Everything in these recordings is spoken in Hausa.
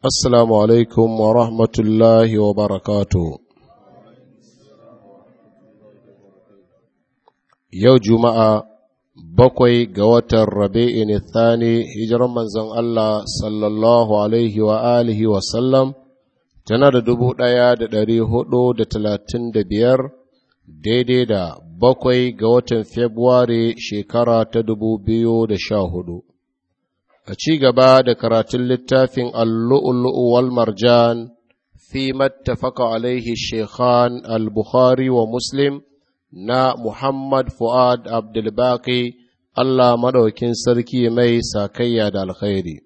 Assalamu alaikum wa rahmatullahi wa barakatu. Yau Juma'a bakwai ga watan Rabi'in Thani hijiran manzon Allah sallallahu Alaihi wa alihi wa sallam tana da dubu ɗaya da ɗari hudu da talatin da biyar daidai da bakwai ga watan Februari shekara ta dubu biyu da sha hudu. a ci gaba da karatun littafin allu'ullu'u wal marjan fi mattafaka alaihi shekhan al-bukhari wa muslim na muhammad fu'ad abdulbaki allah maɗaukin sarki mai sakayya da alkhairi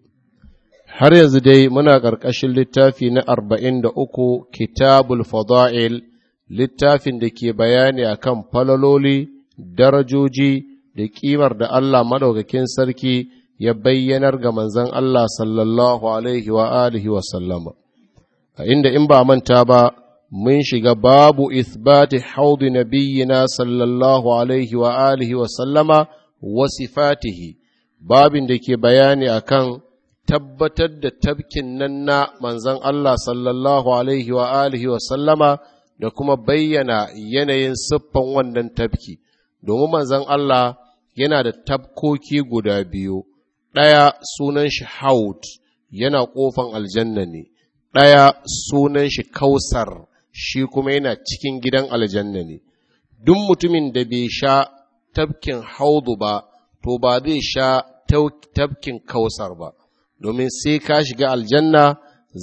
har yanzu dai muna ƙarƙashin littafi na arba'in da uku kitabul fada'il littafin da ke bayani a kan falaloli darajoji da ƙimar da allah maɗaukakin sarki ya bayyanar ga manzan Allah sallallahu alaihi wa alihi wa sallama a inda in ba manta ba mun shiga babu isbati haudi nabiyyina sallallahu alaihi wa alihi wa sallama wa fatihi babin da ke bayani akan tabbatar da tabkin nan na manzan Allah sallallahu alaihi wa alihi wa sallama da kuma bayyana yanayin siffan wannan tabki domin manzan Allah yana da tabkoki guda biyu ɗaya sunan shi haut yana ƙofan aljanna ne ɗaya sunan shi kausar shi kuma yana cikin gidan aljanna ne duk mutumin da bai sha tafkin haudu ba to ba zai sha tafkin kausar ba domin sai ka shiga aljanna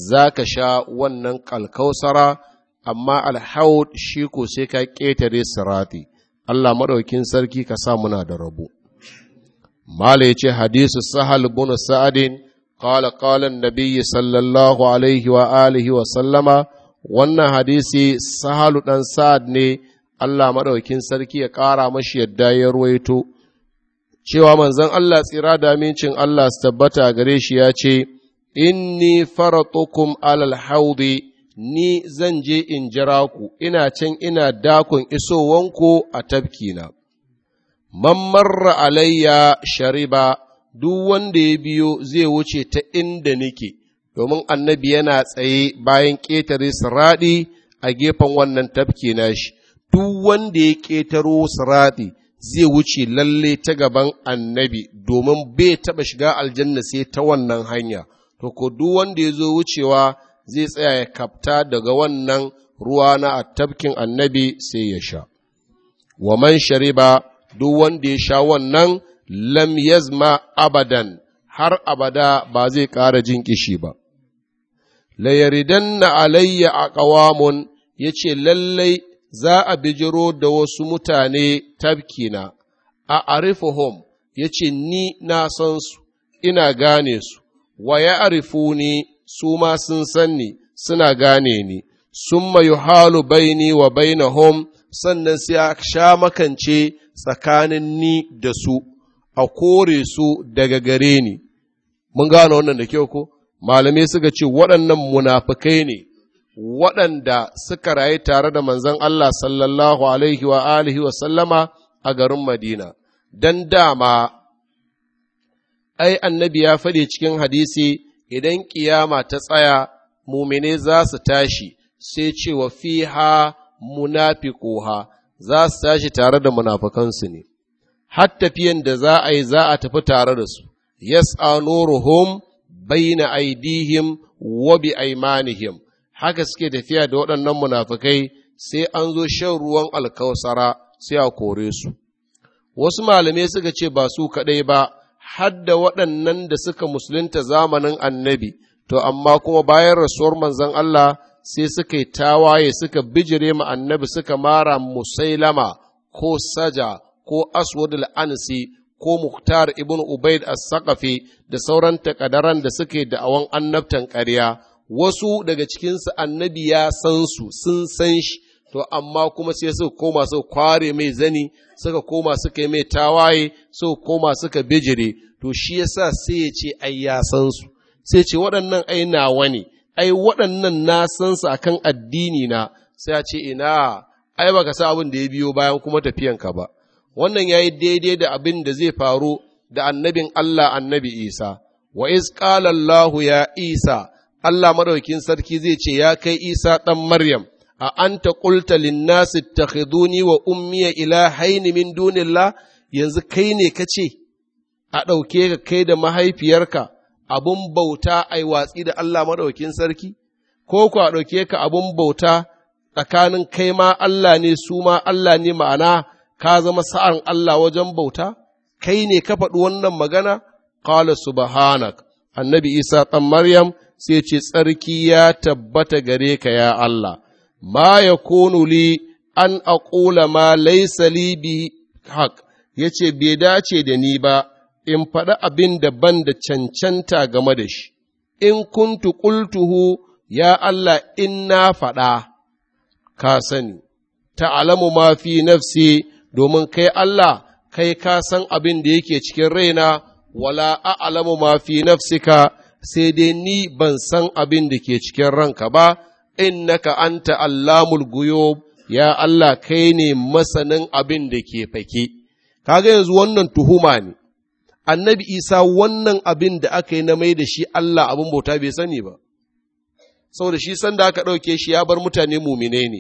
za ka sha wannan kalkausara amma alhaud shi ko sai ka ƙetare sirati Allah maɗaukin sarki ka sa muna da rabo mala ya ce hadisu sahal bin sa'adin qala qala da sallallahu alaihi wa alihi wa sallama wannan hadisi sahalu ɗan sa'ad ne Allah maɗaukin sarki ya ƙara mashi yadda ya ruwaito, cewa manzon Allah tsira da amincin Allah su tabbata gare shi ya ce, fara faratukum alal haudi ni zan je in jira ku, ina can ina dakon isowanku a na. man marra alayya shariba duk wanda ya biyo zai wuce ta inda nake domin annabi yana tsaye bayan ƙetare siraɗi a gefen wannan tafki nashi duk wanda ya ƙetaro siraɗi zai wuce lalle ta gaban annabi domin bai taɓa shiga aljanna sai ta wannan hanya to ko duk wanda ya zo wucewa zai tsaya ya kafta daga wannan ruwa na tafkin annabi sai ya sha wa man shariba duk wanda ya sha wannan lam yazma abadan har abada ba zai ƙara jin kishi ba. Layaridan na alayya a ƙawamun ya ce lallai za a bijiro da wasu mutane tabkina, a arifuhum ya ce ni na san su, ina gane su, wa ya arifu ni su ma sun san ni suna gane ni, sun mayu halu baini wa bainahum sannan sai a sha makance tsakanin ni da su a kore su daga gare ni mun gano wannan da kyau ko malamai suka ce waɗannan munafukai ne waɗanda suka rayu tare da manzon Allah sallallahu alaihi wa alihi wa sallama a garin Madina dan dama ai annabi ya faɗi cikin hadisi idan ƙiyama ta tsaya mumine za su tashi sai ce wa fiha ha. za su tashi tare da munafukansu ne, har tafiyan da za a yi za a tafi tare da su, yas'a nuruhum baina aidihim wa bi aimanihim, haka suke tafiya da waɗannan munafukai sai an zo shan ruwan alkausara sai a kore su. Wasu malamai suka ce ba su kaɗai ba, har da waɗannan da suka musulunta zamanin annabi, to amma kuma bayan rasuwar manzon Allah sai suka yi tawaye suka bijire ma annabi suka mara musailama ko saja ko al ansi ko muktar ibn ubaid as-saqafi da sauran takadaran da suke da awan annabtan ƙarya wasu daga cikinsu annabi ya san su sun san shi to amma kuma sai suka koma suka kware mai zani suka koma suka yi mai tawaye suka koma suka bijire to shi yasa sai ya ce ai ya san su sai ce waɗannan ai nawa ne ai waɗannan na san sa akan addini na sai a ce ina ai baka sa abin da ya biyo bayan kuma tafiyanka ba wannan yayi daidai da abin da zai faru da annabin Allah annabi Isa wa iz qala Allah ya Isa Allah madaukin sarki zai ce ya kai Isa dan Maryam a anta qulta lin nas ittakhiduni wa ummi ilahaini min dunillah yanzu kai ne kace a ɗauke ka kai da mahaifiyarka abun bauta ai watsi da Allah maɗaukin sarki, ko ku ɗauke ka abun bauta tsakanin kai ma Allah ne su ma Allah ne ma'ana ka zama sa'an Allah wajen bauta, kai ne ka faɗi wannan magana, ƙala subhanak annabi Isa ɗan Maryam sai ce tsarki ya tabbata gare ka ya Allah, ma ya li an aƙula ma laisa bi haƙ, ya ce bai dace da ni ba, in faɗi abin da ban da cancanta game da shi, in kuntu ƙultuhu ya Allah in na faɗa, ka sani, Ta ma fi nafsi domin kai Allah, kai ka san abin da yake cikin raina, wala a ma fi nafsika sai dai ni ban san abin da ke cikin ranka ba, In innaka anta allamul guyo ya Allah kai ne masanin abin da ke fake. Kaga yanzu wannan tuhuma ne. annabi isa wannan abin da aka yi na mai da shi allah abin bauta bai sani ba saboda shi sanda aka ɗauke shi ya bar mutane mumine ne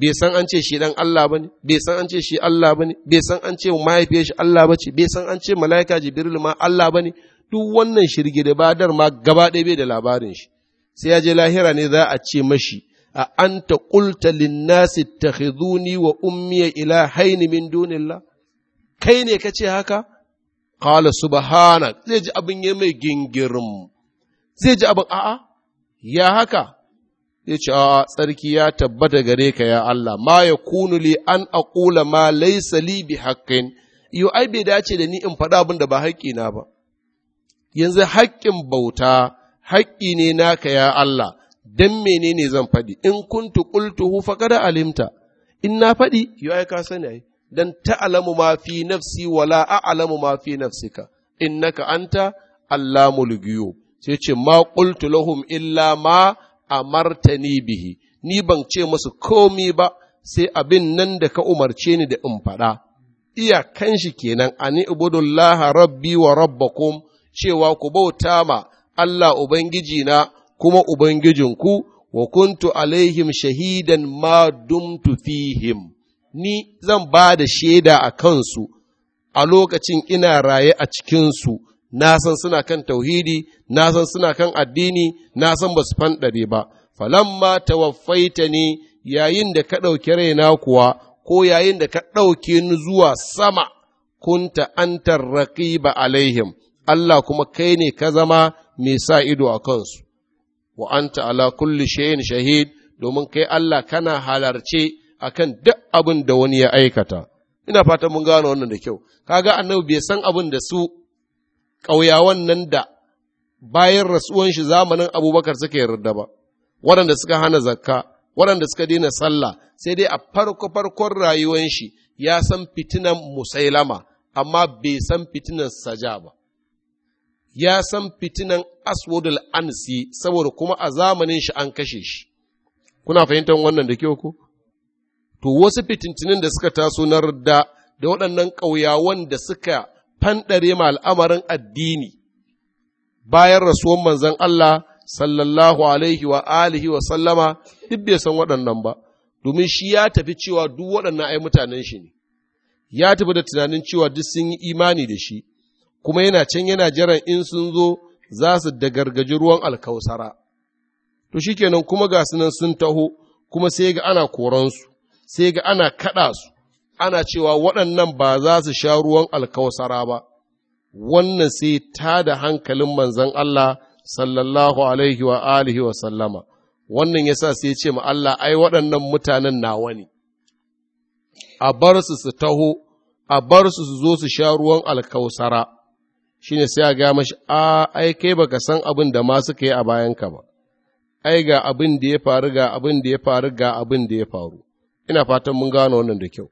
bai san an ce shi dan Allah ba ne? bai san an ce shi Allah ba ne? bai san an ce mahaifiyar shi Allah bace bai san an ce malaika jibril ma Allah ne? duk wannan shirgi da badar ma gaba ɗaya bai da labarin shi sai ya je lahira ne za a ce mashi a anta ƙulta linnasi ta wa ummiya ila haini min kai ne ka ce haka qala subhanak zai ji abin ya mai gingirin zai ji abin a'a ya haka zai ce a'a tsarki ya tabbata gare ka ya Allah ma ya kunu li an aqula ma laysa li haƙƙin. ai bai dace da ni in faɗa abin da ba haƙƙi na ba yanzu haƙƙin bauta haƙƙi ne naka ya Allah dan menene zan faɗi in kuntu qultuhu faqad alimta in na faɗi yo ai ka sani dan ta'lamu ma fi nafsi wala a'lamu ma fi nafsika innaka anta allamul ghuyub sai ce ma qultu lahum illa ma amartani bihi ni ban ce musu komi ba sai abin nan da ka umarce ni da in faɗa Iya kan shi kenan ani ibudullah rabbi wa rabbakum cewa ku bauta ma Allah ubangiji na kuma ubangijinku wa kuntu alaihim shahidan ma dumtu fihim ni zan ba da shaida a kansu a lokacin ina raye a cikinsu na san suna kan tauhidi na san suna kan addini na san ba su fanɗare ba falamma tawaffaita ne yayin da ka ɗauki raina kuwa ko yayin da ka ɗauki ni zuwa sama kunta antar ba alaihim Allah kuma kai ne ka zama mai sa ido a kansu wa anta ala kulli shay'in shahid domin kai Allah kana halarce akan duk abin da wani ya aikata ina fatan mun gano wannan da kyau kaga annabi bai san abin da su ƙauyawan nan da bayan rasuwan shi zamanin abubakar suka yarda ba waɗanda suka hana zakka waɗanda suka daina sallah sai dai a farko farkon rayuwar shi ya san fitinan musailama amma bai san fitinan saja ba ya san fitinan aswadul ansi saboda kuma a zamanin shi an kashe shi kuna fahimtar wannan da kyau ko to wasu fitintinin da suka taso na rudda da waɗannan ƙauyawan da suka fanɗare ma al'amarin addini bayan rasuwan manzon Allah sallallahu alaihi wa alihi wa sallama duk bai san waɗannan ba domin shi ya tafi cewa duk waɗannan ai mutanen shi ne ya tafi da tunanin cewa duk sun yi imani da shi kuma yana can yana jiran in sun zo za su dagargaji ruwan alkausara to shi shikenan kuma ga sunan sun taho kuma sai ga ana koransu sai ga ana kaɗa su, ana cewa waɗannan ba za su sha ruwan alkawasara ba, wannan sai ta da hankalin manzan Allah sallallahu alaihi wa alihi wa sallama, wannan ya sa sai ce ma Allah ai waɗannan mutanen na wani. a bar su su taho, a bar su su zo su sha ruwan alkawasara. shi ne sai a ga mashi a ai kai baka san abin da ma suka yi a bayanka ba ai ga abin da ya faru ga abin da ya faru ga abin da ya faru ina fatan mun gano wannan da kyau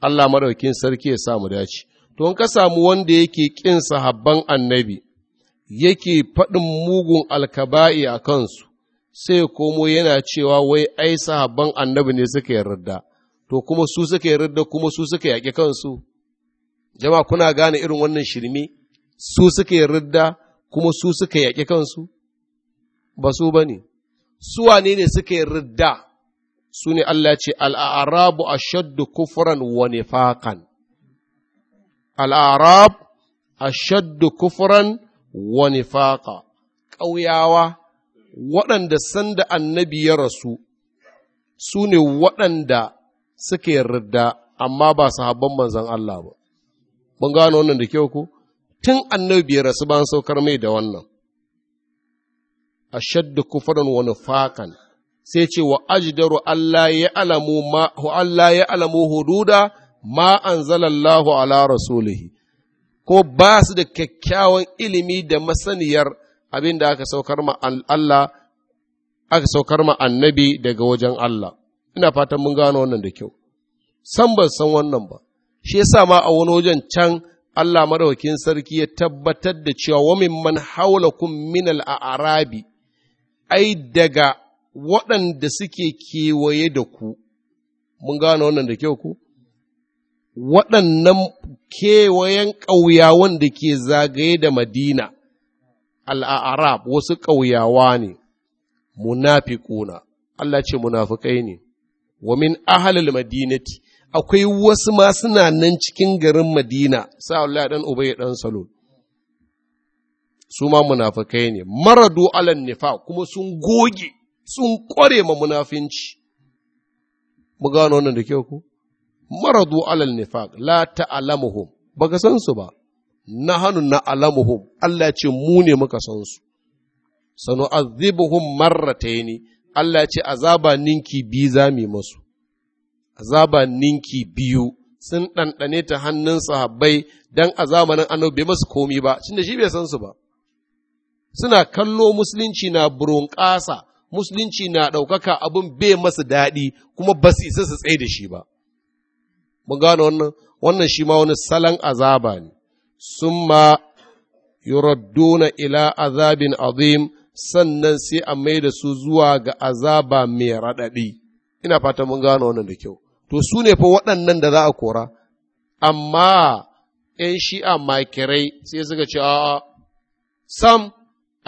Allah maɗaukin sarki ya samu dace to in ka samu wanda yake ƙin sahabban annabi yake faɗin mugun alkaba'i a kansu sai komo yana cewa wai ai sahabban annabi ne suka yarda to kuma su suka yarda kuma su suka yaƙi kansu jama'a kuna gane irin wannan shirme su suka yarda kuma su suka yaƙi kansu ba su ba ne suwa ne suka yarda su ne Allah ce al'arabu a shaddu kufuran wa nifaƙan. Al'arab a shaddu kufuran wa nifaƙa, ƙauyawa waɗanda sanda annabi ya rasu su ne waɗanda suke ridda amma ba sahabban manzan Allah ba. Mun gano wannan da kyau ku? Tun annabi ya rasu ban saukar mai da wannan. Ashaddu kufuran wa nifaƙan. sai ce wa ajdaru Allah ya alamu ma Allah ya alamu hududa ma anzalallahu ala rasulihi ko ba su da kyakkyawan ilimi da masaniyar abin da aka saukar ma Allah aka saukar ma annabi daga wajen Allah ina fatan mun gano wannan da kyau san ban san wannan ba shi yasa ma a wani wajen can Allah madaukakin sarki ya tabbatar da cewa wa mimman haulakum min al-arabi ai daga waɗanda suke kewaye da ku, mun gane wannan da kyau ku? Waɗannan kewayen ƙauyawan da ke zagaye da Madina, al'arab wasu ƙauyawa ne, munafiƙuna, Allah ce munafikai ne, wa min ahalil madinati, akwai wasu ma suna nan cikin garin Madina, sa'ullah ɗan Ubay ɗan Salon. Su ma munafikai ne, maradu alan nifa kuma sun goge. sun ƙware ma munafinci. Mu gano wannan da kyau ku? Maradu alal nifaq la ba baka san su ba Na na alamuhum, Allah ce mu ne muka san su sanu azibuhum marrataini Allah ce azaba ninki biyu zami masu azaba ninki biyu sun ɗanɗane ta hannun sahabbai don a zamanin annabi masu komi ba cinda shi bai san su ba suna kallo musulunci na burunƙasa musulunci na ɗaukaka abin bai masu daɗi kuma ba su isa su tsaye da shi ba. Mun gano wannan, wannan shi ma wani salon azaba ne, sun ma ila azabin azim sannan sai a mai da su zuwa ga azaba mai raɗaɗi. Ina fata mun gano wannan da kyau. To su ne fa waɗannan da za a kora, amma ‘yan shi'a makirai sai suka ce, a'a, sam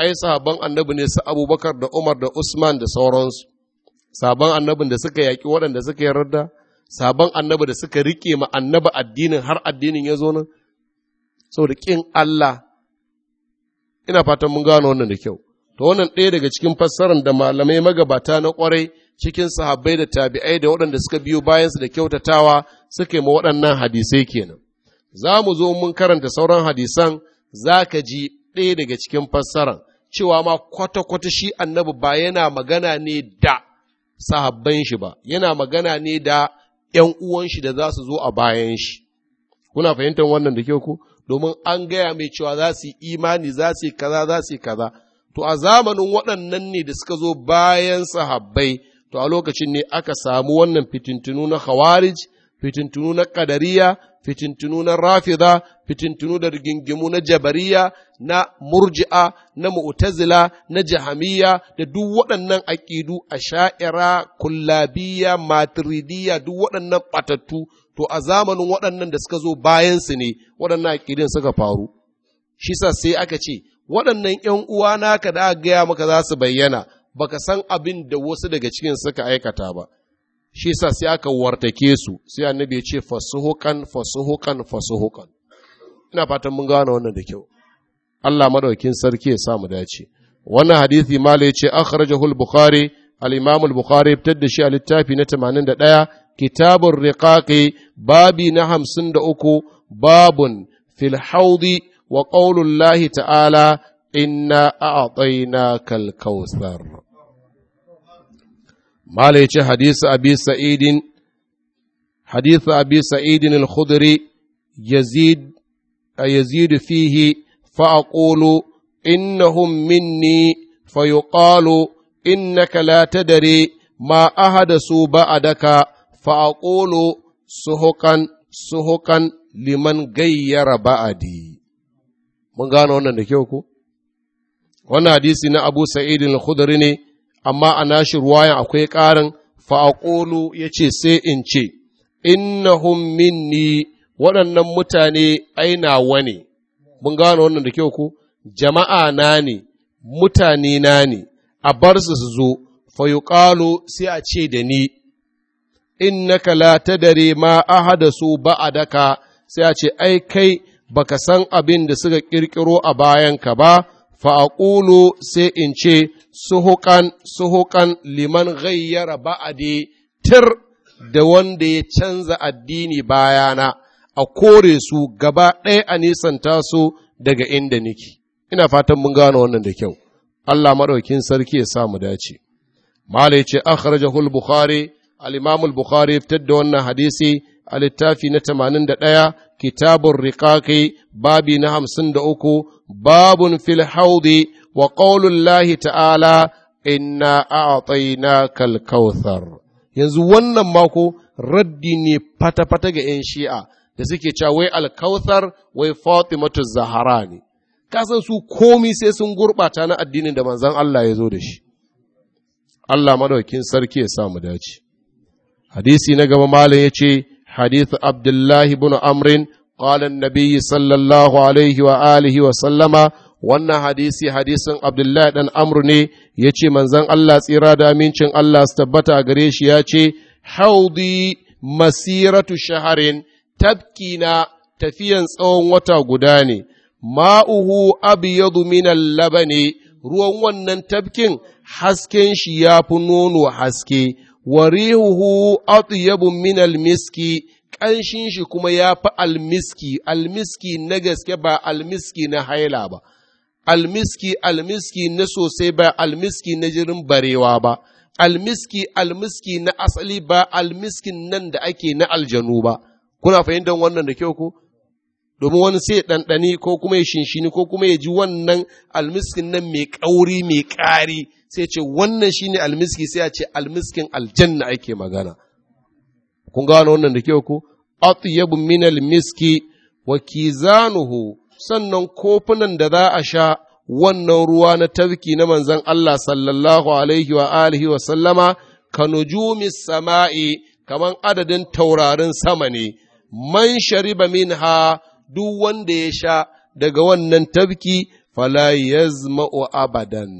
ai sahabban annabi ne su abubakar da umar da usman da sauransu sabon annabin da suka yaƙi waɗanda suka yarda sabon annabi da suka riƙe ma annabi addinin har addinin ya zo nan saboda ƙin Allah ina fatan mun gano wannan da kyau to wannan ɗaya daga cikin fassarar da malamai magabata na ƙwarai cikin sahabbai da tabi'ai da waɗanda suka biyo bayansu da kyautatawa suka yi ma waɗannan hadisai kenan za mu zo mun karanta sauran hadisan za ka ji ɗaya daga cikin fassaran cewa ma kwata-kwata shi annabi ba yana magana ne da sahabban shi ba, yana magana ne da ‘yan uwan shi da za su zo a bayan shi. Kuna fahimtar wannan da kyau ku? Domin an gaya mai cewa za su yi imani, za su yi kaza, za su yi kaza. To a zamanin waɗannan ne da suka zo bayan sahabbai, to a lokacin ne aka samu wannan fitintunu na Khawarij, fitintunu na Kadariya, fitintunu na rafida fitintunu da rigingimu na jabariya na murji'a na mu'tazila na jahamiya da duk waɗannan aƙidu a sha'ira kullabiya matiridiya duk waɗannan ɓatattu to a zamanin waɗannan da suka zo bayansu ne waɗannan aƙidin suka faru shi sa sai aka ce waɗannan ƴan uwa naka da aka gaya maka za su bayyana baka san abin da wasu daga cikin suka aikata ba shi sa sai aka wartake su sai annabi ya ce fasuhukan fasuhukan fasuhukan ina fatan mun gane wannan da kyau Allah madaukin sarki ya samu dace wannan hadisi malai ce akhrajahu al-bukhari al-imam al-bukhari fitar da shi a littafi na 81 kitabur riqaqi babi na 53 babun fil wa qaulullahi ta'ala inna a'tainakal kautsar mala ya ce hadisa abi sa'idin hadisa abi sa'idin al-khudri yazid yazid fihi fa aqulu innahum minni fa yuqalu innaka la tadri ma ahadasu ba'daka fa aqulu suhukan suhukan liman gayyara ba'adi mun gano wannan da kyau ko wannan hadisi na Abu Sa'id al-Khudri ne amma a nashi ruwayan akwai ƙarin fa'aƙolo ya ce sai in ce, Innahum minni waɗannan mutane aina wani, mun gano wannan da kyau ku, jama'a na ne, mutane na ne, a bar su su zo, fayuƙalo sai a ce da ni, innaka la dare ma ahada su ba a daka sai a ce, ai kai baka san abin da suka ƙirƙiro a bayanka ba, fa fa'aƙulu sai in ce, Suhukan, suhukan liman ghayyara ba'ade tir da wanda ya canza addini bayana, a kore su gaba ɗaya a nisanta su daga inda niki. Ina fatan mun gano wannan da kyau, Allah maɗaukin sarki ya sa mu dace. Malai ce, Akhrajahul Bukhari, al’imamul Bukhari fitar da wannan hadisi a littafi na ɗaya. kitabun rikakai babi na hamsin da uku babun fil haudi wa ƙaunullahi ta'ala inna a'ataina kal kautsar yanzu wannan mako raddi ne fata-fata ga 'yan shi'a da suke ca wai alkautsar wai fatimatu zahara ne kasan su komi sai sun gurɓata na addinin da manzan Allah ya zo da shi Allah madaukin sarki ya samu dace hadisi na gaba malam ya ce حديث عبد الله بن عمرو قال النبي صلى الله عليه وآله وسلم wannan hadisi hadisin abdullahi dan amru ne ya ce manzan Allah tsira da amincin Allah su tabbata a gare shi ya ce haudi masiratu shaharin tabki na tafiyan tsawon wata guda ne ma'uhu abyadu minal labani ruwan wannan tafkin, hasken shi ya fi nono haske warihuhu rihuhu min almiski ƙanshin shi kuma ya fi almiski almiski na gaske ba almiski na haila ba almiski almiski na sosai ba almiski na jirin barewa ba almiski almiski na asali ba almiskin nan da ake na aljanu ba kuna fahimtar wannan da kyau ko domin wani sai ɗanɗani ko kuma ya shinshini ko kuma ya ji wannan almiskin nan mai ƙauri mai ƙari sai ce wannan shine almiski sai a ce almiskin aljanna ake magana kun gano wannan da kyau ko atyabu min almiski wa kizanuhu sannan kofunan da za a sha wannan ruwa na tafki na manzon Allah sallallahu alaihi wa alihi wa sallama kanujumis sama'i kaman adadin taurarin sama ne man shariba minha duk wanda ya sha daga wannan tafki fala yazma'u abadan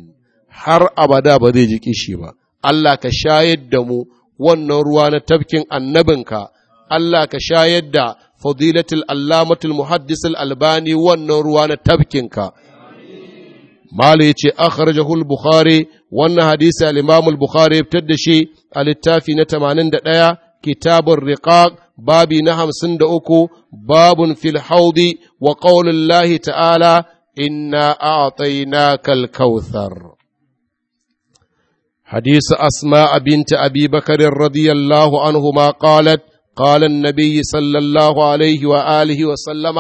har abada ba zai ji kishi ba Allah ka shayar da mu wannan ruwa na tafkin annabinka Allah ka shayar da fadilatul allamatul muhaddisul albani wannan ruwa na tafkinka Malu ya ce, Akharajahu bukhari wannan hadisi Alimamul bukhari fitar da shi a littafi na 81, kitabun riqaq babi na 53, babun fil haudi wa qaulullahi ta'ala, inna a'tainaka kal kauthar حديث أسماء بنت أبي بكر رضي الله عنهما قالت قال النبي صلى الله عليه وآله وسلم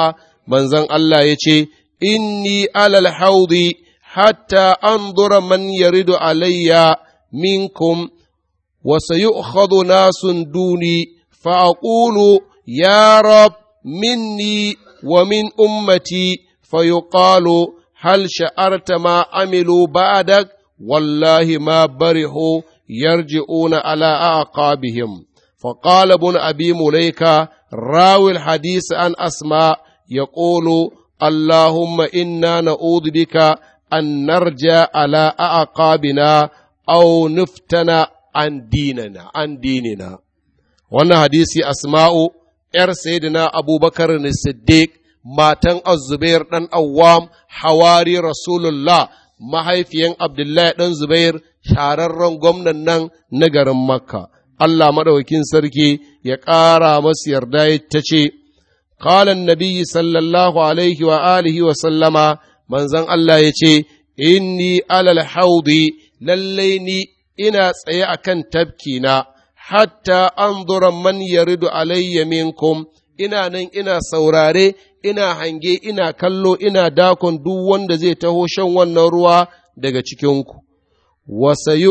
من زن الله يتي إني على الحوض حتى أنظر من يرد علي منكم وسيؤخذ ناس دوني فأقول يا رب مني ومن أمتي فيقال هل شعرت ما عملوا بعدك wallahi ma barihu yarji'una ala aqabihim فقال ابن أبي مليكة راوي الحديث عن أسماء يقول اللهم إنا نعوذ بك أن نرجع على أعقابنا أو نفتن عن ديننا عن ديننا وانا حديثي أسماء ‘yar Sayyidina Abubakar Siddiq matan Azubair ɗan Awwam, hawari Rasulullah mahaifiyan Abdullahi ɗan Zubair shararren gwamnan nan na garin Makka. Allah maɗaukin sarki ya ƙara masu yarda ta ce, Kalan Nabiyyi sallallahu alaihi wa alihi wa sallama manzan Allah ya ce, ni alal haudi lallai ni ina tsaye a kan tabkina, hatta an man yaridu alayya minkum ina nan ina saurare, ina hange, ina kallo, ina dakon duk wanda zai taho shan wannan ruwa daga cikinku. Wasa yi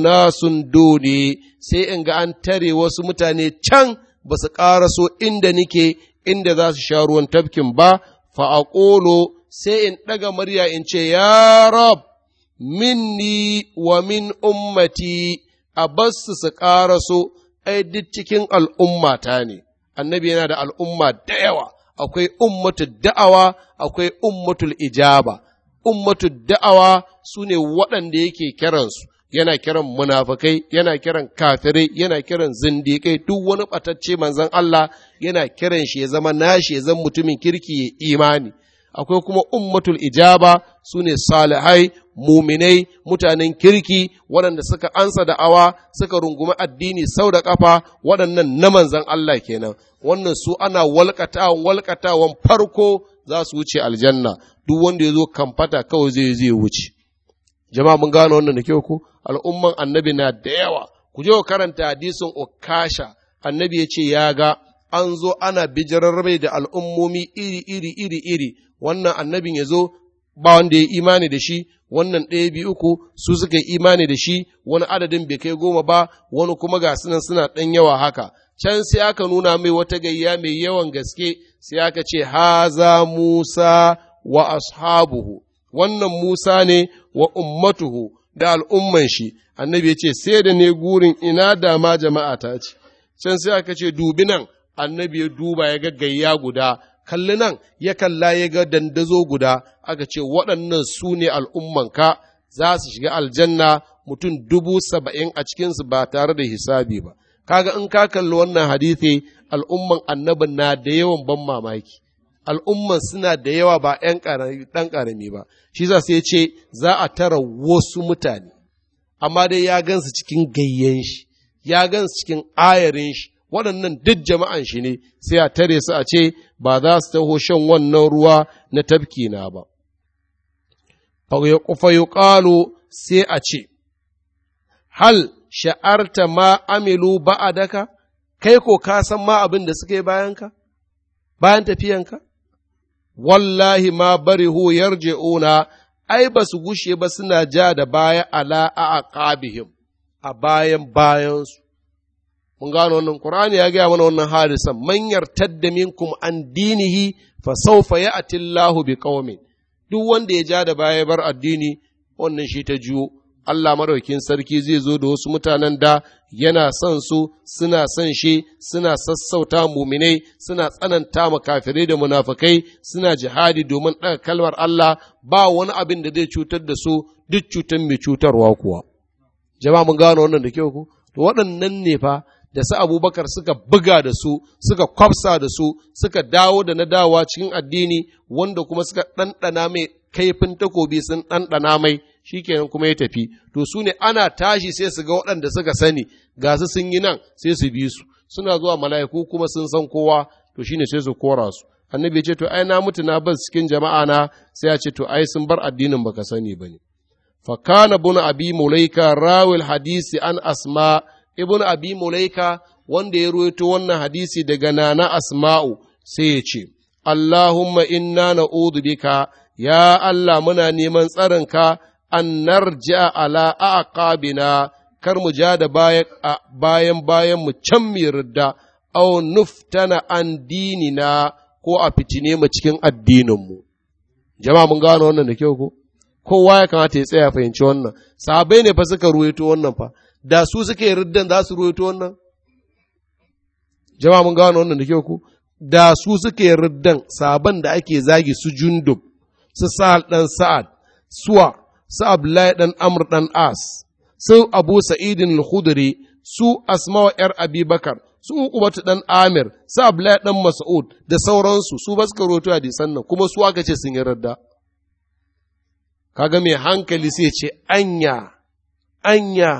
nasun dole sai in ga an tare wasu mutane can ba su ƙaraso inda nike inda za su sha ruwan tafkin ba, fa a ƙolo sai in ɗaga murya in ce, Ya Rab, minni wa min ummati, a bassu su ƙaraso, ai duk cikin al'ummata ne. annabi yana da al'umma da yawa akwai ummatu da'awa akwai ummatul ijaba ummatu da'awa su ne waɗanda yake kiransu yana kiran munafakai, yana kiran kafirai yana kiran zindikai duk wani ɓatacce manzon Allah yana kiran shi ya zama nashi ya zama mutumin kirki ya imani akwai kuma ummatul ijaba sune ne salihai muminai mutanen kirki waɗanda suka ansa da'awa suka rungumi addini sau da ƙafa waɗannan na manzan Allah kenan wannan su ana walƙatawan walƙatawan farko za su wuce aljanna duk wanda ya zo kamfata kawai zai zai wuce jama'a mun gano wannan da kyau ku al'umman annabi na da yawa ku je ku karanta hadisin okasha annabi ya ce ya ga an zo ana bijirar mai da al'ummomi iri iri iri iri wannan annabin ya zo ba wanda ya imani da shi wannan ɗaya biyu uku su suka yi imani da shi wani adadin bai kai goma ba wani kuma ga sunan suna ɗan yawa haka can sai aka nuna mai wata gayya mai yawan gaske sai aka ce haza musa wa ashabuhu wannan musa ne wa ummatuhu da al'umman shi annabi ya ce sai da ne gurin ina da ma jama'a ta ce can sai aka ce dubi nan annabi ya duba ya ga gayya guda kalli nan ya kalla ya ga dandazo guda aka ce waɗannan su ne al'ummanka za su shiga aljanna mutum dubu saba'in a cikinsu ba tare da hisabi ba kaga in ka kalli wannan hadithi al'umman annabi na da yawan ban mamaki al'umman suna da yawa ba ‘yan ɗan ƙarami ba shi za sai ce za a tara wasu mutane amma dai ya gansu cikin gayyen shi ya gansu cikin ayarin shi waɗannan duk jama'an shi ne sai a tare su a ce ba za su taho shan wannan ruwa na tafki na ba fa ƙalo sai a ce hal sha'arta ma amilu daka? kai ko ka san ma abin da suka yi bayanka bayan tafiyanka wallahi ma bari barihu yarji'una ai ba su gushe ba suna ja da baya ala a aqabihim a bayan bayansu mun gano wannan qur'ani ya gaya mana wannan hadisan man yartadda minkum an dinihi fa sawfa ya'ti Allahu bi qaumin duk wanda ya ja da baya bar addini wannan shi ta jiwo, Allah madaukin sarki zai zo da wasu mutanen da yana son su suna son shi suna sassauta muminai suna tsananta mu kafirai da munafikai suna jihadi domin ɗaga kalmar Allah ba wani abin da zai cutar da su duk cutar mai cutarwa kuwa jama'a mun gano wannan da kyau ku to waɗannan ne fa da su abubakar suka buga da su suka kwafsa da su suka dawo da na dawa cikin addini wanda kuma suka ɗanɗana mai kaifin takobi sun ɗanɗana mai shi kenan kuma ya tafi to su ne ana tashi sai su ga waɗanda suka sani ga su sun yi nan sai su bi su suna zuwa mala'iku kuma sun san kowa to shine sai su kora su annabi ya ce to ai na mutu na bar cikin jama'a na sai ya ce to ai sun bar addinin baka sani bane fa kana bun abi mulaika rawil hadisi an asma' ibn abi mulaika wanda ya ruwaito wannan hadisi daga nana asma'u sai ya ce Allahumma inna na'udhu bika ya Allah muna neman tsarinka an ja ala aqabina kar mu ja da bayan bayan mu can mu yarda a'u nuftana an dinina ko a fitine mu cikin addininmu jama'a mun gano wannan da kyau ko kowa ya kamata ya tsaya fahimci wannan sahabbai ne fa suka ruwaito wannan fa da su suke riddan za su ruwaito wannan jama'a mun gano wannan da ke ku da su suke riddan sabon da ake zagi su jundub su sa'ad dan sa'ad suwa su abdullahi dan amr dan as su abu sa'idin al-khudri su asmawa yar abi bakar su ukubatu dan amir su abdullahi dan mas'ud da sauransu su ba suka roto hadisan nan kuma su aka ce sun yi radda kaga mai hankali sai ce anya anya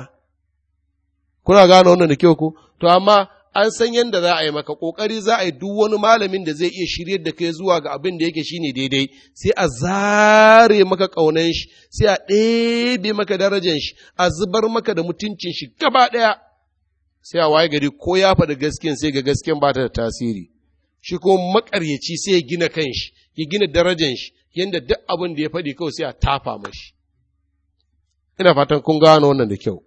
kuna gane wannan da kyau ko to amma an san yadda za a yi maka kokari za a yi duk wani malamin da zai iya shiryar da kai zuwa ga abin da yake ne daidai sai a zare maka kaunan shi sai a ɗebe maka darajan shi a zubar maka da mutuncin shi gaba ɗaya sai a waye gari ko ya faɗi gaskiyan sai ga gaskiyan ba ta da tasiri shi ko makaryaci sai ya gina kan shi ya gina darajan shi yadda duk abin da ya faɗi kawai sai a tafa mashi ina fatan kun gano wannan da kyau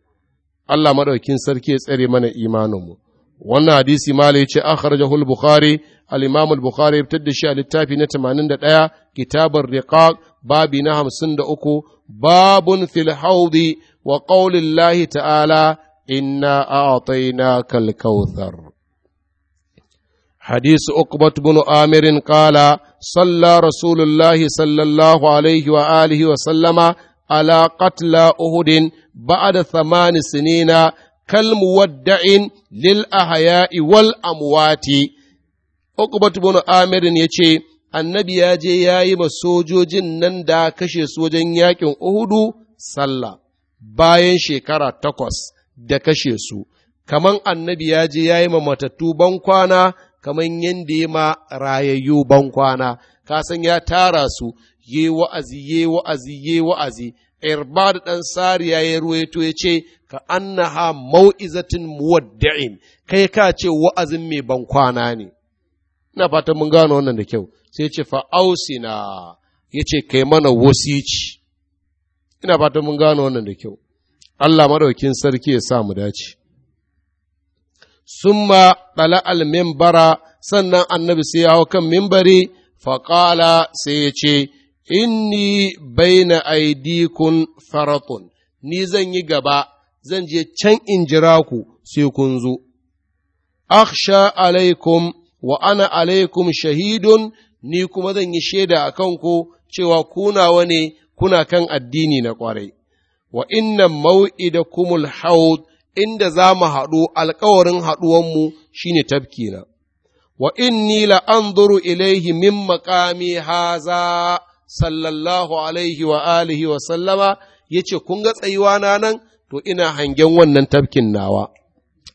Allah maɗaukin sarki ya tsare mana imaninmu wannan hadisi malai ce Akhar al-bukhari al-imam bukhari da shi a littafi na ɗaya, kitabar riqaq babi na uku babun filhaudi haudi wa qaulillahi ta'ala inna a'tainaka na kauthar حديث عقبة bin عامر ƙala, صلى رسول sallallahu alaihi الله عليه وآله ala qatla uhudin ba'da thamani sinina kal muwadda'in lil ahya'i wal amwati Uqbatu yace annabi ya je ya yi ma sojojin nan da kashe su wajen yakin Uhudu sallah bayan shekara takwas da kashe su, kaman annabi ya je ya yi ma matattu bankwana, kaman yadda ya ma rayayyu bankwana, kasan ya tara su, ye wa'azi ye wa'azi ye wa'azi irbad ɗan sariya ya ruwaito ya ce ka annaha mau'izatin muwadda’in, kai ka ce wa'azin mai ban kwana ne ina fatan mun gano wannan da kyau sai ce fa ausina ya ce kai mana wasici ina fatan mun gano wannan da kyau Allah maɗaukin sarki ya sa mu dace summa ɗala al-mimbara sannan annabi sai ya hau kan mimbari faƙala sai ya ce inni baina aidikun faratun ni zan yi gaba zan je can in jira ku sai kun zo akhsha alaikum wa ana alaikum shahidun ni kuma zan yi shaida a kanku cewa kunawa ne kuna kan addini na kwarai wa inna kumul haud inda za mu haɗu alkawarin haɗuwanmu shine tabkina. wa inni la anzuru ilaihi min maqami haza sallallahu alaihi wa alihi wa sallama ya ce kun ga tsayuwa na nan to ina hangen wannan tafkin nawa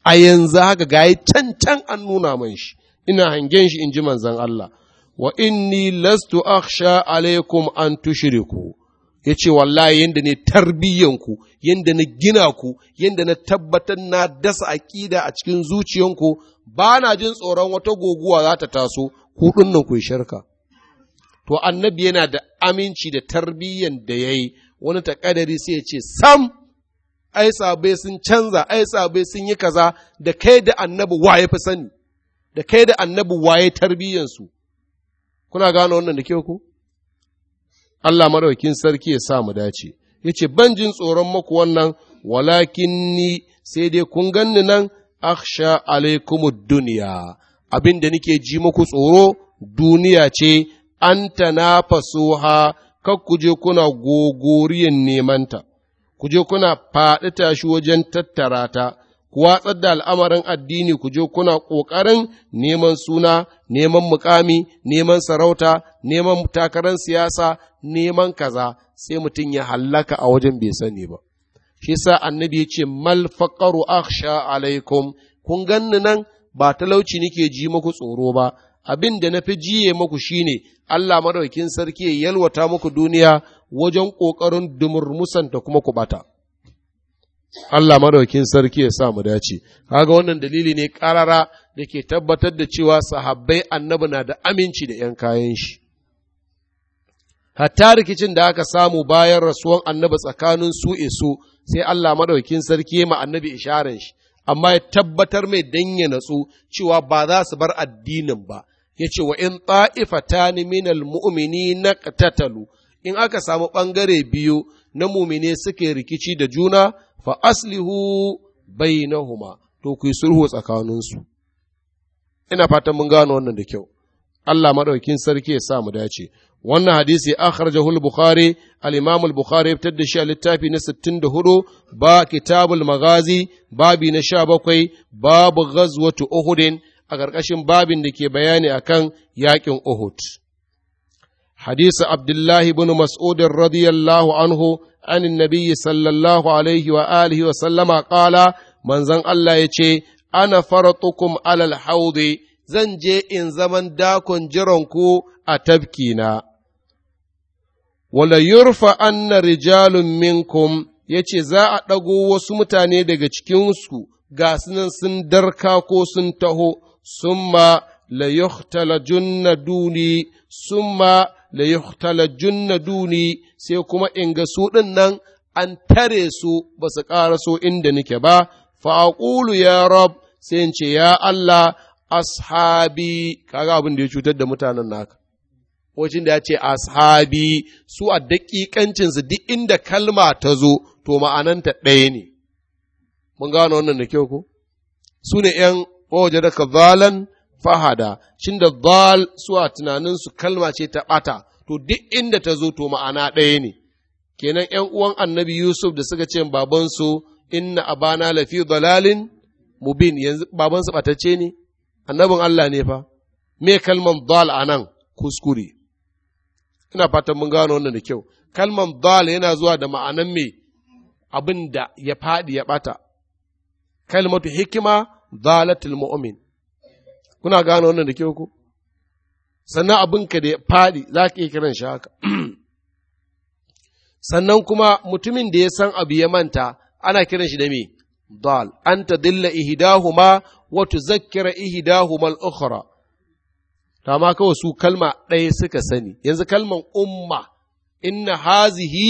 a yanzu haka gayi can can an nuna man shi ina hangen shi in ji manzan Allah wa inni lastu akhsha alaikum an tushriku ya ce wallahi yadda ne tarbiyyanku yadda na gina ku yadda na tabbatar na dasa aƙida a cikin zuciyanku ba na jin tsoron wata goguwa za ta taso ku nan ku shirka to annabi yana da aminci da tarbiyyan da ya yi wani takadari sai ya ce sam ai sabe sun canza ai sabe sun yi kaza da kai da annabi wa ya fi sani da kai da annabi wa ya su? kuna gano wannan da kyau ku Allah maraukin sarki ya sa mu dace ya ce ban jin tsoron maku wannan walakin ni sai dai kun ganni nan aksha alaikumud duniya abinda da nake ji muku tsoro duniya ce an tanafasoha kar ku je kuna gogoriyar nemanta ku je kuna faɗi tashi wajen tattara ta ku watsar da al'amarin addini ku kuna ƙoƙarin neman suna neman mukami neman sarauta neman takarar siyasa neman kaza sai mutum ya hallaka a wajen bai sani ba shi sa annabi ya ce mal faqaru alaikum kun ganni nan ba talauci nake ji muku tsoro ba abin da na fi jiye maku shine Allah madaukin sarki ya yalwata muku duniya wajen ƙoƙarin musanta kuma ku bata. Allah madaukin sarki ya sa mu dace kaga wannan dalili ne ƙarara da ke tabbatar da cewa sahabbai annabi na da aminci da ‘yan kayan shi hatta rikicin da aka samu bayan rasuwan annabi tsakanin su iso sai Allah madaukin sarki ma annabi isharan shi amma ya tabbatar mai danya natsu cewa ba za su bar addinin ba ya ce wa in ta'ifatani minal mu'mini na tatalu in aka samu ɓangare biyu na mumine suke rikici da juna fa aslihu bainahuma to ku yi sulhu tsakaninsu ina fatan mun gano wannan da kyau Allah maɗaukin sarki ya sa mu dace wannan hadisi akhrajahu al-bukhari al-imam bukhari ya fitar da shi a littafi na sittin 64 ba kitabul magazi babi na bakwai babu ghazwatu uhudin a ƙarƙashin babin da ke bayani a kan yaƙin Uhud. Hadisa Abdullahi bin Mas'udin radiyallahu anhu an nabiyyi sallallahu alaihi wa alihi wa sallama ƙala manzan Allah ya ce, Ana faratukum alal haudi zan je in zaman dakon jiranku a tabkina. Wala yurfa anna rijalun minkum ya ce za a ɗago wasu mutane daga cikinsu ga sunan sun darka ko sun taho summa la duni summa la duni sai kuma in ga su ɗinnan nan an tare su ba su ƙara so inda nake ba fa'aqulu ya rab sai in ce ya Allah ashabi kaga abin da ya cutar da mutanen naka wacin da ya ce ashabi su a daƙiƙancinsu duk inda kalma ta zo to ma'ananta ɗaya ne mun gano wannan da kyau ko su ne ‘yan waje daka zalan fahada cin da zal suwa tunanin kalma ce ta bata to duk inda ta zo to ma'ana ɗaya ne kenan yan uwan annabi Yusuf da suka ce babansu inna abana lafi dalalin mubin yanzu babansu batacce ne annabin Allah ne fa me kalman a nan kuskure ina fatan mun gano wannan da kyau kalman zal yana zuwa da ma'anan me abin da ya faɗi ya bata kalmatu hikima zalatul mu'min kuna gano wannan da kyau ko sannan abinka da ya faɗi za ka iya kiran shi haka sannan kuma mutumin da ya san abu ya manta ana kiran shi da me dal an ta dilla ihdahuma wa tuzakkira ihdahuma al-ukhra ta ma kawai su kalma ɗaya suka sani yanzu kalman umma inna hazihi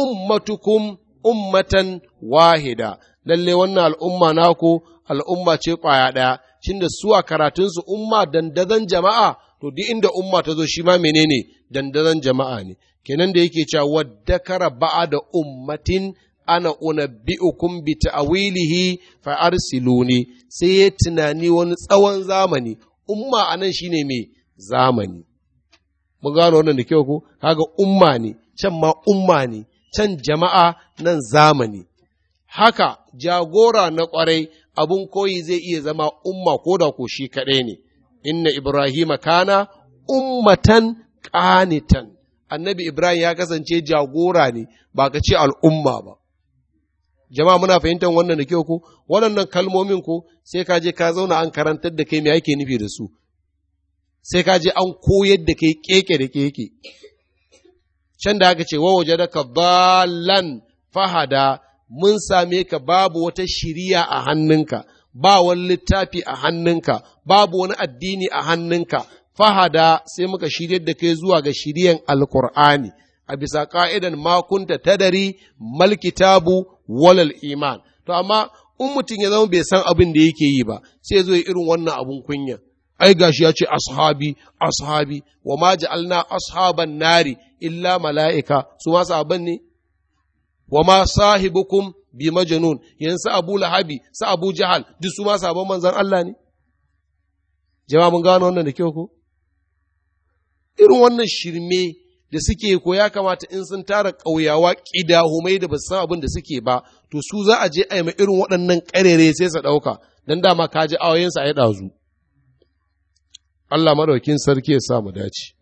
ummatukum ummatan wahida lalle wannan al'umma nako al'umma ce ƙwaya ɗaya, shi da su a karatunsu umma dandazon jama'a, to duk inda umma ta zo shi ma menene dandazon jama'a ne. Kenan da yake cewa wadda kara ba'a da ummatin ana unabbi'ukum bi ta'wilihi fa ne sai ya tunani wani tsawon zamani umma anan shine mai zamani mun gano wannan da kyau ko kaga umma ne can ma umma ne can jama'a nan zamani haka jagora na kwarai abun koyi zai iya zama umma ko da ko shi kaɗai ne inna Ibrahim kana ummatan ƙanitan, annabi ibrahim ya kasance jagora ne ba ka ce al'umma ba jama'a muna fahimtar wannan da kyau ko waɗannan kalmomin ko sai ka je ka zauna an karantar da kai me ake nufi da su sai ka je an koyar da kai keke da keke can da aka ce wa waje da ka balan fahada mun same ka babu wata shiriya a hannunka, ba wani littafi a hannunka, babu wani addini a hannunka, fahada sai muka shiryar da kai zuwa ga shiriyan alkur'ani a bisa ka'idan makunta tadari malkitabu walal iman. To amma in mutum ya zama bai san abin da yake yi ba, sai zo irin wannan abin kunya. ai gashi ya ce ashabi ashabi wa ma alna ashaban nari illa mala'ika su ma abin ne wa ma sahibukum bi majnun yanzu Abu Lahabi sa Abu Jahal duk su ma sabon manzon Allah ne jama'a mun gano wannan da kyau ko irin wannan shirme da suke ko ya kamata in sun tara ƙauyawa humai da basu su san abin da suke ba to su za a je a yi ma irin waɗannan karere sai su ɗauka dan dama ka ji awayensu a yi ɗazu Allah madaukin sarki ya sa mu dace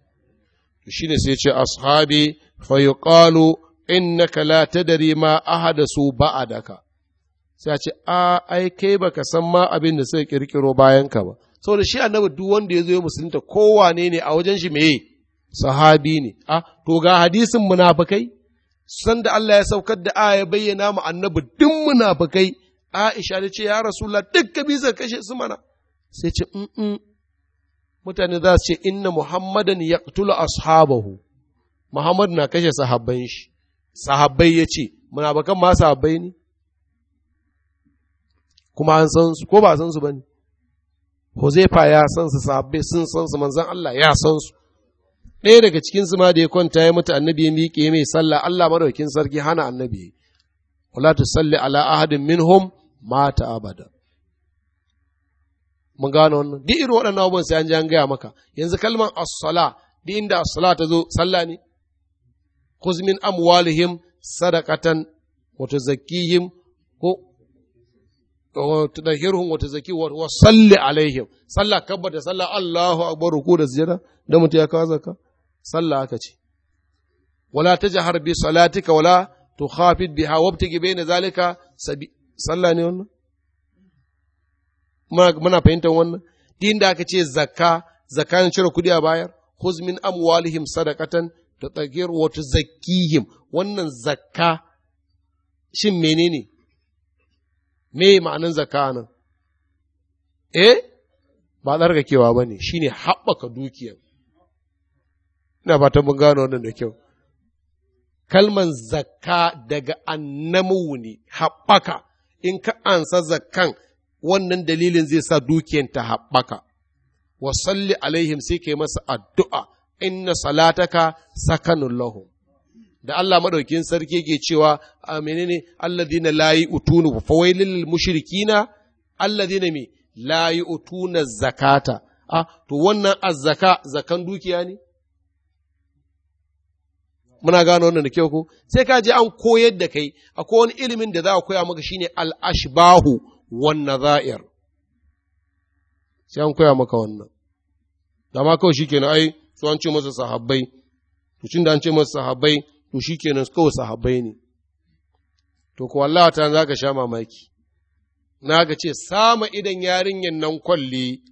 to shine sai ya ce ashabi fa yuqalu innaka la tadri ma ahadasu ba'adaka sai a ce a ai kai baka san ma abin da suka kirkiro bayan ka ba saboda shi annabi duk wanda ya zo ya musulunta kowane ne a wajen shi meye sahabi ne a to ga hadisin munafikai da Allah ya saukar da aya bayyana mu annabi duk munafikai Aisha ta ce ya Rasulullah duk kabisa kashe su mana sai ce mm mutane za su ce inna Muhammadan yaqtulu ashabahu Muhammad na kashe sahabban shi sahabbai ya ce bakan ma sahabbai ne kuma an san su ko ba san su ba ne Huzaifa ya san su sahabbai sun san su manzan Allah ya san su ɗaya daga cikin su ma da ya kwanta ya mutu annabi ya miƙe mai sallah Allah madaukin sarki hana annabi wala salli ala ahadin minhum mata abada mun gano wannan duk irin waɗannan abubuwan sai an ji an gaya maka yanzu kalmar as-sala duk inda as-sala ta zo sallah ne khuz min amwalihim sadaqatan wa tuzakkihim ko tudahirhum wa tuzakki wa salli alaihim sallah kabba da sallah Allahu akbar ruku da ziyara, da mutum ya kawo zakka sallah aka ce wala tajhar bi salatika wala tukhafid biha wabtagi bayna zalika sabi sallah ne wannan muna fahimtar wannan din da aka ce zakka zakka ne cire kudi a bayar khuz min amwalihim sadaqatan ta tsagiyar wata zakihim wannan zakka shin menene me ma'anin zakka nan eh ba tsarkakewa ba ne shine haɓaka dukiyar ina fatan mun gano wannan da kyau kalman zakka daga annamu ne haɓaka in ka ansa zakkan wannan dalilin zai sa dukiyan ta haɓaka wa salli alaihim sai kai masa addu'a inna salataka sakanun lahu da Allah madaukin sarki ke cewa a menene alladina la yu'tunu fa wailil mushrikina alladina mi la yu'tuna zakata a ah, to wannan azzaka zakan dukiya ne muna gano wannan da kyau ko sai ka je an koyar da kai akwai wani ilimin da za a koya maka shine al-ashbahu wan nadha'ir sai an koya maka wannan dama kawai shikenan ai su an ce masa sahabbai to cin da an ce masa sahabbai to shi kenan kawai sahabbai ne to ko Allah ta za ka sha mamaki na ga ce sama idan yarinyan nan kwalli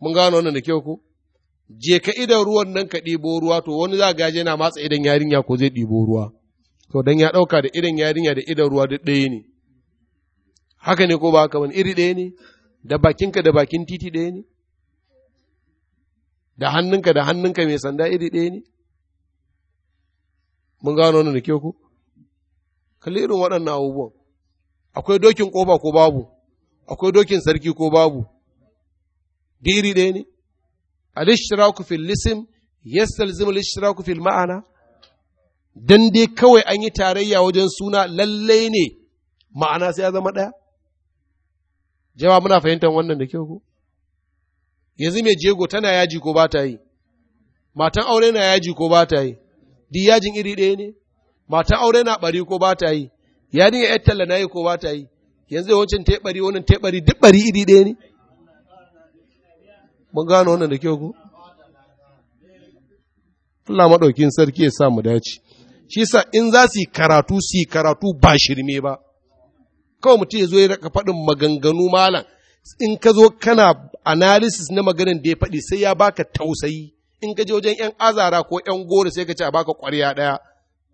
mun gano wannan da kyau ko je ka idan ruwan nan ka ɗibo ruwa to wani za gaje yana matsa idan yarinya ko zai ɗibo ruwa to dan ya ɗauka da idan yarinya da idan ruwa duk ɗaya ne haka ne ko ba haka wani iri ɗaya ne da bakinka da bakin titi ɗaya ne da hannunka da hannunka mai sanda iri ɗaya ne mun gano wani da ke ku kalli irin waɗannan abubuwan akwai dokin ƙofa ko babu akwai dokin sarki ko babu diri ɗaya ne al-ishtiraku fil lism yastalzimu lishira ku fil ma'ana don dai kawai an yi tarayya wajen suna lalle ne ma'ana sai ya zama ɗaya Jawa muna fahimtar wannan da ke ku. yanzu mai jego tana yaji ko ba ta yi matan aure na yaji ko ba ta yi di yajin iri ɗaya ne matan aure na ɓari ko ba ta yi ni ya talla na yi ko ba ta yi yanzu ya wancan teɓari wannan teɓari duk ɓari iri ɗaya ne mun gano wannan da kyau ko Allah maɗaukin sarki ya sa mu dace shi sa in za su yi karatu su yi karatu ba shirme ba kawai mutum ya zo ya raka faɗin maganganu malam in ka zo kana analysis na maganin da ya faɗi sai ya baka tausayi in ka je wajen ‘yan azara ko ‘yan goro sai ka ce a baka ƙwarya ɗaya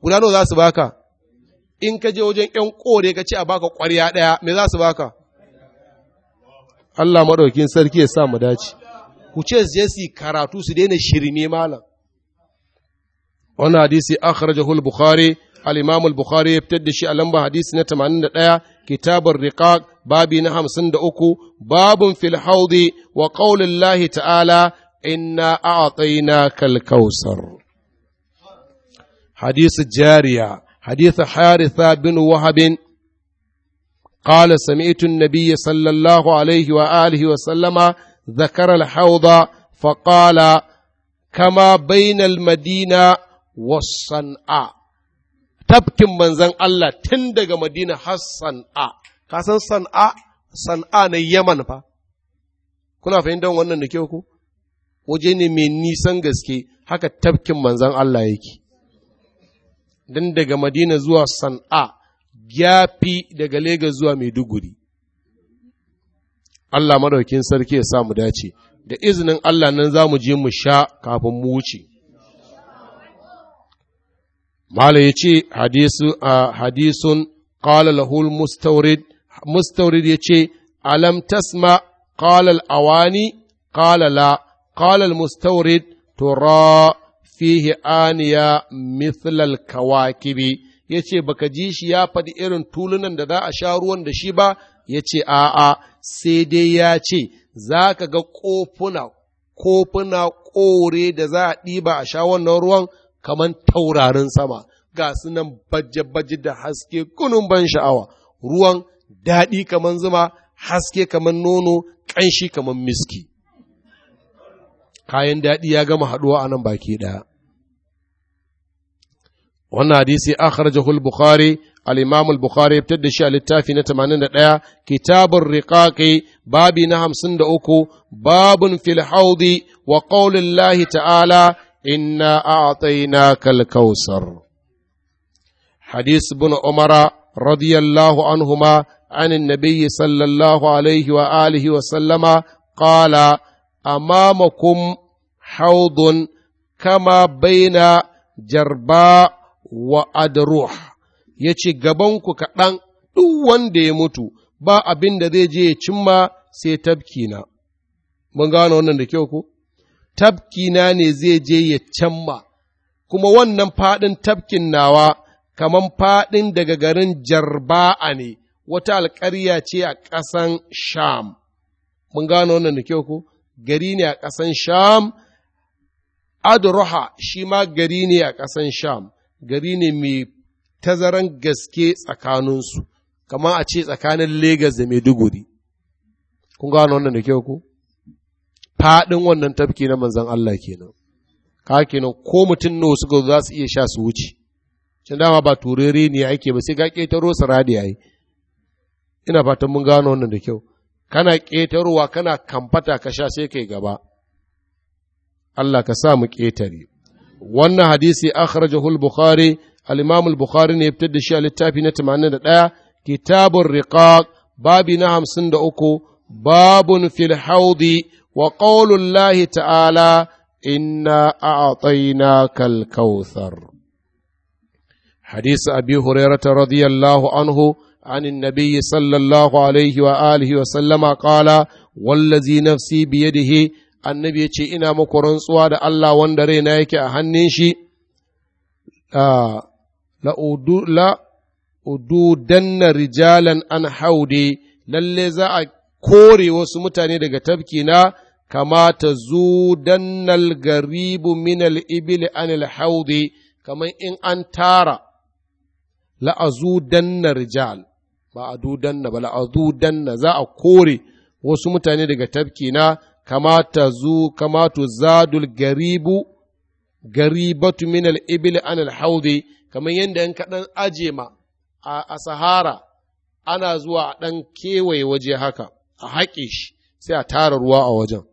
guda nawa za su baka in ka je wajen ‘yan kore ka ce a baka ƙwarya ɗaya me za su baka Allah maɗaukin sarki ya sa mu dace ku ce su je su karatu su daina shirme malam wannan hadisi akhrajahu al-bukhari al-imam al-bukhari ya fitar da shi a lamba hadisi na 81 kitabar riqaq babi na hamsin da uku babun filhaudi haudi wa qaulin lahi ta'ala inna a'tayna kal kausar hadith jariya hadith haritha bin wahabin قال سمعت النبي صلى الله عليه وآله وسلم ذكر الحوض فقال كما بين المدينة والصنعاء tafkin manzan Allah tun daga Madina har San'a. Ka san San'a, San'a na Yaman fa. Kuna fahimtar wannan da kyau ku? Waje ne mai nisan gaske haka tafkin manzan Allah yake. Dan daga Madina zuwa San'a ya fi daga Legas zuwa Maiduguri. Allah madaukin sarki ya sa mu dace, da izinin Allah nan za mu je mu sha kafin mu wuce. Mala ya ce hadisun ƙala lahul mustaurid, mustaurid ya ce, Alam tasma ƙala awani ƙala la, mustaurid tura fihi aniya mithlal kawakibi ya ce baka ji shi ya faɗi irin tulunan da za a sha ruwan da shi ba ya ce a'a sai dai ya ce za ka ga kofuna kofuna kore da za a ɗiba a sha wannan ruwan kaman taurarin sama ga nan baje-baje da haske kunun ban sha'awa ruwan daɗi kaman zuma haske kaman nono ƙanshi kaman miski kayan daɗi ya gama haɗuwa a nan baki ɗaya wannan hadisi akhrajahu al-bukhari al-imam al-bukhari ya fitar da shi a littafi na 81 kitabur riqaqi babi na 53 babun fil haudi wa qaulillahi ta'ala inna a'tainaka al-kausar hadis ibn umara radiyallahu anhuma عن النبي صلى الله عليه وآله وسلم قال أمامكم حوض كما بين جرباء وأدروح yace gabanku kaɗan duk wanda ya mutu ba abinda zai je ya cimma sai na. Mun gano wannan da kyau ku? tabkina ne zai je ya camma, kuma wannan faɗin tabkin nawa kamar faɗin daga garin jarba'a ne, wata alƙarya ce a ƙasan Sham. Mun gano wannan da kyau ku. Gari ne a ƙasan Sham, Adroha shi ma gari ne a ƙasan Sham, gari ne mai tazaran gaske tsakaninsu, kamar a ce tsakanin Legas da Maiduguri. Kun gano wannan da kyau ku. faɗin wannan tafki na manzan Allah kenan ka kenan ko mutum nawa suka za su iya sha su wuce can dama ba turere ne ake ba sai ka ƙetaro su radi yayi ina fatan mun gano wannan da kyau kana ƙetarowa kana kamfata ka sha sai kai gaba Allah ka sa mu ƙetare wannan hadisi akhrajahu al-bukhari al-imam al-bukhari ne fitar da shi a littafi na 81 kitabur riqaq babi na uku babun fil wa ƙaunullahi ta'ala inna a'ataina kalkauthar. Hadisi abi hurairata radiyallahu anhu عن النبي صلى الله عليه وآله وسلم قال والذي نفسي بيده annabi ya ce ina muku rantsuwa da Allah wanda raina yake a hannun shi ah, la ududanna rijalan an haude lalle za a kore wasu mutane daga tafki na kama ta zudannal garibu minal ibil anil haudi kamar in an tara la'azudanna rijal ba a dudanna ba la'azudanna za a kore wasu mutane daga tafki na kama ta zu kama zadul garibu garibatu minal ibil anil haudi kamar yadda in kaɗan aje ma a sahara ana zuwa a ɗan kewaye waje haka a haƙe shi sai a tara ruwa a wajen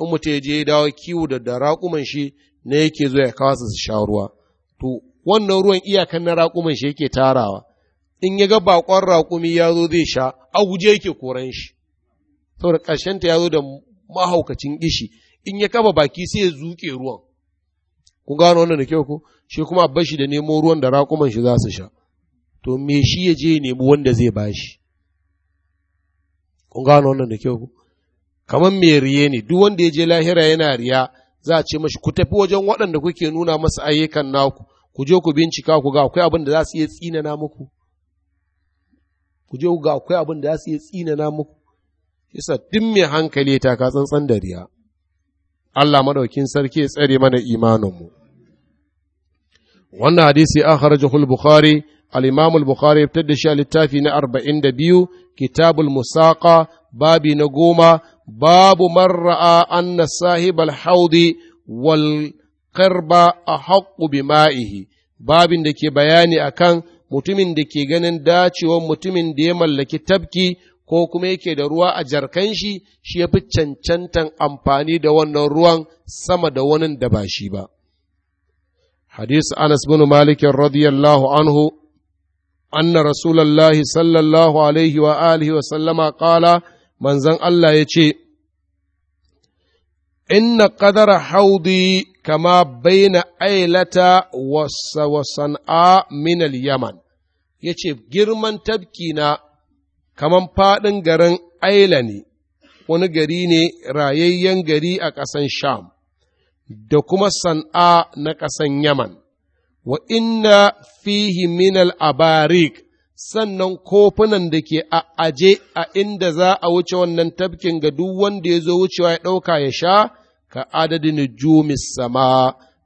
in mutum ya je ya dawo kiwo da da raƙuman shi ne yake zo ya kawo su sha ruwa to wannan ruwan iyakan na raƙuman shi yake tarawa in ya ga bakon raƙumi ya zo zai sha a guje yake koran shi saboda ƙarshen ta ya zo da mahaukacin gishi in ya kama baki sai ya zuƙe ruwan ku gano wannan da kyau ko shi kuma a bashi da nemo ruwan da raƙuman shi za su sha to me shi ya je ya nemi wanda zai bashi kun gano wannan da kyau kamar me riye ne duk wanda ya je lahira yana riya za a ce mashi ku tafi wajen waɗanda kuke nuna masa ayyukan naku ku je ku bincika ku ga akwai abin da za su iya tsinana muku ku je ga akwai abin da za su iya tsinana muku yasa duk mai hankali ta ka tsantsan da riya Allah madaukin sarki ya tsare mana imanin mu wannan hadisi akhrajahu al-bukhari al-imam al-bukhari ya fitar da shi a littafi na arba'in da biyu, kitabul musaqa babi na goma babu man ra'a anna sahib al-haudi wal qarba ahqqu bima'ihi babin da ke bayani akan mutumin da ke ganin dacewan mutumin da ya mallaki tabki ko kuma yake da ruwa a jarkan shi shi ya fi cancantan amfani da wannan ruwan sama da wani da ba shi ba. Hadis Anas bin Malik radiyallahu anhu anna rasulallahi sallallahu alaihi wa alihi wa sallama qala manzon Allah ya ce inna qadara haudi kama baina ailata wa san'a min al-yaman yace girman tabki na kaman fadin garin aila wani gari ne rayayyen gari a ƙasan sham da kuma san'a na ƙasan yaman wa inna fihi minal abarik sannan kofunan da ke a aje a inda za a wuce wannan tafkin ga duk wanda ya zo wucewa ya ɗauka ya sha ka adadin jumis sama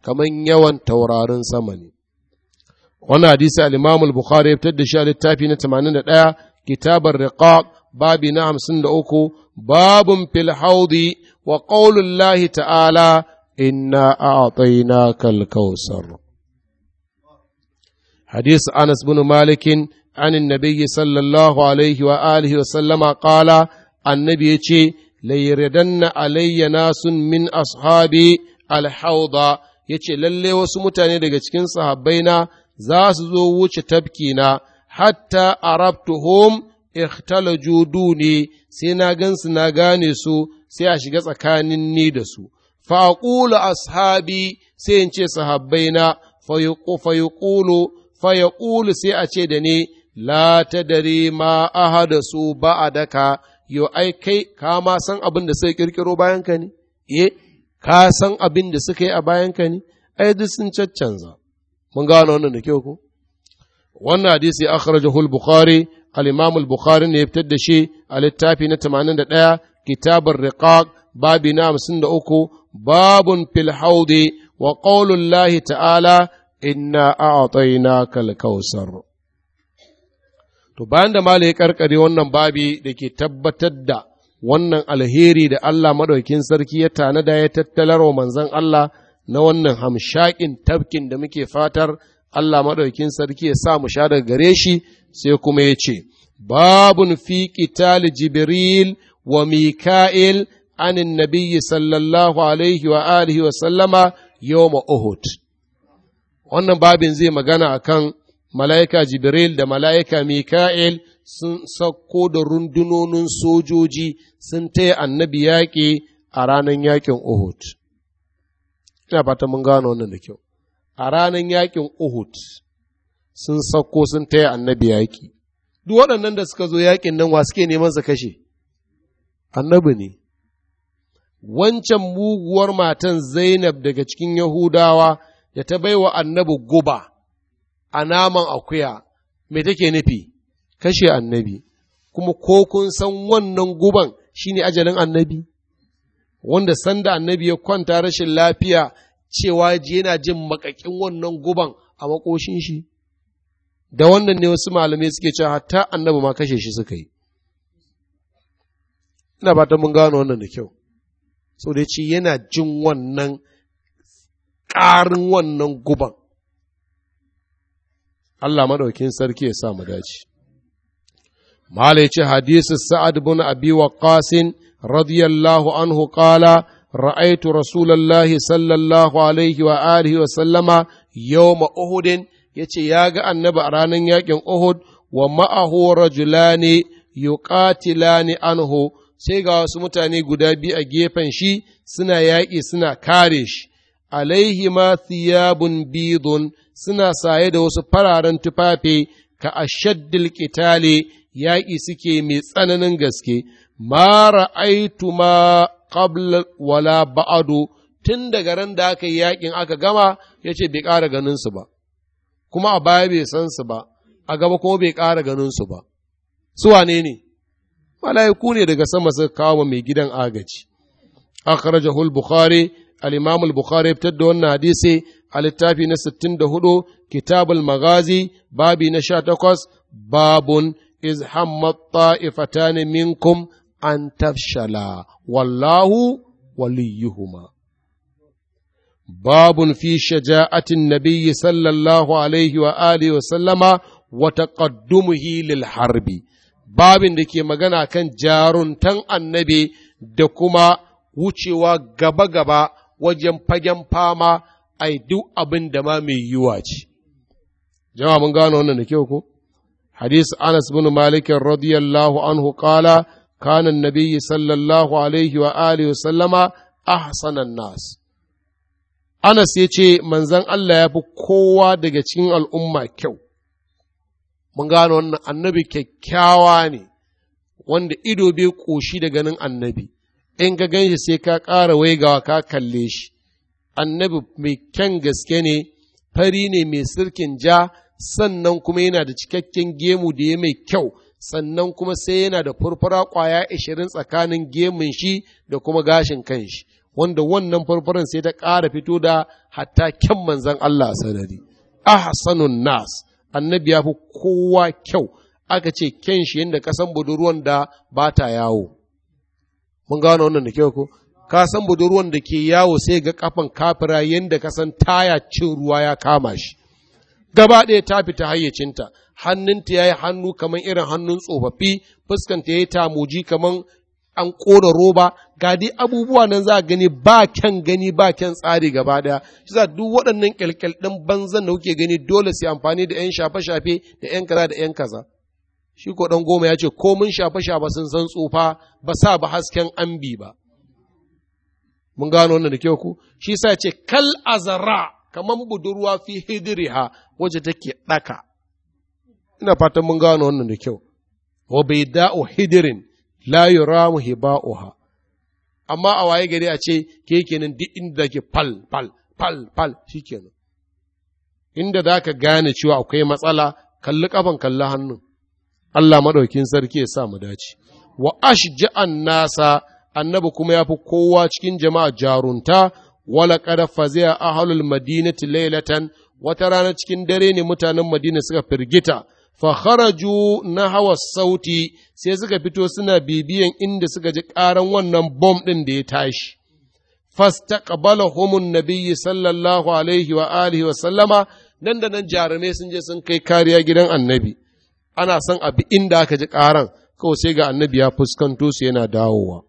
kamar yawan taurarin sama ne. Wannan hadisi al-Imam al-Bukhari ya fitar da shi a littafi na 81 kitabar riqaq babi na 53 babun fil haudi wa qaulullahi ta'ala inna a'tainaka al-kausar حديث أنس بن مالك عن النبي صلى الله عليه وآله وسلم قال النبي يتشي ليردن علي ناس من أصحابي الحوضة يتشي للي وسمتاني دقشكين صحابينا زاس زووش تبكينا حتى أربتهم اختلجوا دوني سينا جنس ناغاني سو سياش جسا كان نيدسو فأقول أصحابي سينشي صحابينا فيقول fa ya ƙulu sai a ce da ni, La ta dare ma aha da su ba a daka, yo ai kai ka ma san abin da suka ƙirƙiro bayan ka ne, ye, eh, ka san abin da suka yi a bayan ka ne, ai duk sun caccanza. Mun gano wannan da kyau ko? Wannan hadisi akhrajahu hul bukhari alimamul bukhari ne ya fitar da shi a littafi na 81, kitabar riqaq babi na 53, babun fil haudi wa Lahi ta'ala inna a'tayna kal kausar to bayan da malai karkare wannan babi da ke tabbatar da wannan alheri da Allah madaukin sarki ya tanada ya tattalar wa manzon Allah na wannan hamshakin tafkin da muke fatar Allah madaukin sarki ya sa mu sha daga gare shi sai kuma ya ce babun fi qital jibril wa mika'il anin annabi sallallahu alaihi wa alihi wa sallama yawma uhud wannan babin zai magana akan mala'ika Jibril da mala'ika Mika'il sun sauko da rundunonin sojoji sun taya annabi yaƙi a ranar yaƙin Uhud. Ina fata mun gano wannan da kyau. A ranar yaƙin Uhud sun sauko sun taya annabi yaƙi. Duk waɗannan da suka zo yaƙin nan wa suke neman su kashe? Annabi ne. Wancan muguwar matan Zainab daga cikin Yahudawa da ta baiwa annabi guba a naman akuya me take nufi kashe annabi kuma ko kun san wannan guban shine ajalin annabi wanda sanda annabi ya kwanta rashin lafiya cewa yana jin makakin wannan guban a makoshin shi da wannan ne wasu malamai suke cewa hatta annabi ma kashe shi suka yi ina ba ta mun gano wannan da kyau so da yana jin wannan ƙarin wannan guban Allah maɗaukin sarki ya sa mu dace Malai ce hadisi Sa'ad bin Abi Ƙasin radiyallahu anhu ƙala, ra'aitu Rasulallah sallallahu alaihi wa alihi wa sallama yawma ya ce ya ga annabi a ranar yaƙin Uhud wa ma'ahu rajulani yuqatilani anhu sai ga wasu mutane guda biyu a gefen shi suna yaƙi suna kare shi ma thiyabun bidun suna saye da wasu fararen tufafi ka ashaddil qitali yaƙi suke mai tsananin gaske ma ra'aitu ma qabla wala ba'adu tun daga ran da aka yi yaƙin aka gama ya ce bai ƙara ganin su ba kuma a baya bai san su ba a gaba kuma bai ƙara ganin su ba su wane ne mala'iku ne daga sama suka kawo mai gidan agaji akhrajahu al-bukhari al-Imam al-Bukhari ya da wannan hadisai a littafi na 64 Kitabul Magazi babi na 18 babun iz hammat ta'ifatan minkum an tafshala wallahu waliyuhuma babun fi shaja'atin nabiyyi sallallahu alaihi wa alihi wa sallama wa taqaddumuhi lil harbi babin da ke magana kan jaruntan annabi da kuma wucewa gaba-gaba wajen fagen fama ai duk abin da ma mai yiwa ce jama'a mun gano wannan da kyau ko Hadis Anas bin Malik radiyallahu anhu qala kana an-nabiy sallallahu alaihi wa alihi wa sallama ahsanan nas Anas ya ce manzan Allah ya fi kowa daga cikin al'umma kyau, mun gano wannan annabi kyakkyawa ne, wanda ido bai ƙoshi da ganin annabi, in ka ganshi sai ka ƙara waigawa ka kalle shi annabi mai kyan gaske ne fari ne mai sirkin ja sannan kuma yana da cikakken gemu da ya mai kyau sannan kuma sai yana da furfura ƙwaya ashirin tsakanin gemun shi da kuma gashin kanshi wanda wannan furfuran sai ta ƙara fito da hatta kyan manzan Allah sanadi ahsanun nas annabi ya fi kowa kyau aka ce kyan shi yadda kasan budurwan da ba ta yawo mun gano wannan da kyau ko ka san budurwan da ke yawo sai ga kafan kafira yadda ka san taya cin ruwa ya kama shi gaba ɗaya ta fita hayyacinta hannunta ya yi hannu kamar irin hannun tsofaffi fuskanta ya yi tamoji kamar an ƙona roba gadi abubuwa nan za a gani ba kyan gani ba kyan tsari gaba ɗaya shi za duk waɗannan ƙyalƙyal ɗin banzan da kuke gani dole sai amfani da 'yan shafe-shafe da 'yan kaza da 'yan kaza shi ko ɗan goma ya ce ko mun shafe-shafe sun san tsufa ba sa ba hasken ambi ba mun gano wannan da kyau ku shi sa ce kal azara kamar budurwa fi hidiriha waje take ɗaka ina fatan mun gano wannan da kyau wa bai da'u hidirin la yuramu hiba'uha amma a waye gari a ce ke kenan duk inda ke fal fal fal fal shikenan inda zaka gane cewa akwai matsala kalli kafan kalli hannun Allah maɗaukin sarki ya sa mu dace wa ashja'an nasa annabi kuma ya fi kowa cikin jama'a jarunta wala kada a ahlul madinati tilailatan, wata rana cikin dare ne mutanen madina suka firgita fa haraju na hawa sauti sai suka fito suna bibiyan inda suka ji ƙaran wannan bom ɗin da ya tashi ƙabala an nabiyyi sallallahu alaihi wa alihi wa sallama nan da nan jarumai sun je sun kai kariya gidan annabi ana son abi inda aka ji ƙaran kawai sai ga annabi ya fuskanto su yana dawowa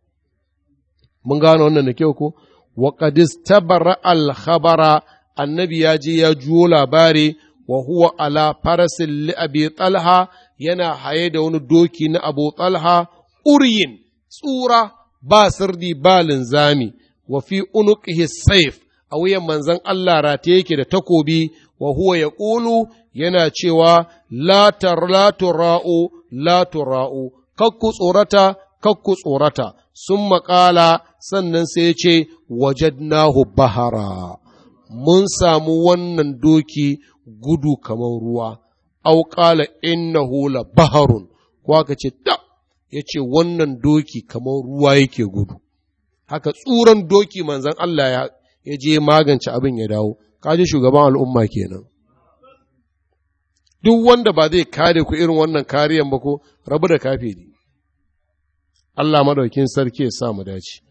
mun gano wannan da kyau ko wa ƙadis tabara alhabara annabi ya je ya juwo labari wa huwa ala farasin li'abi yana haye da wani doki na abu talha uryin tsura ba sirdi ba linzami wa fi unuqihi saif a wuyan manzon Allah rataye yake da takobi wa huwa ƙulu yana cewa la tura'u la tura'u kakku tsorata kakku tsorata sun maƙala sannan sai ya ce wajadnahu bahara mun samu wannan doki gudu kamar ruwa auƙala innahu la baharun ko aka ce ta ya wannan doki kamar ruwa yake gudu haka tsuran doki manzan Allah ya je magance abin ya dawo kaji shugaban al'umma kenan duk wanda ba zai kare ku irin wannan kariyan ba ko rabu da kafiri Allah madaukin sarki ya sa mu dace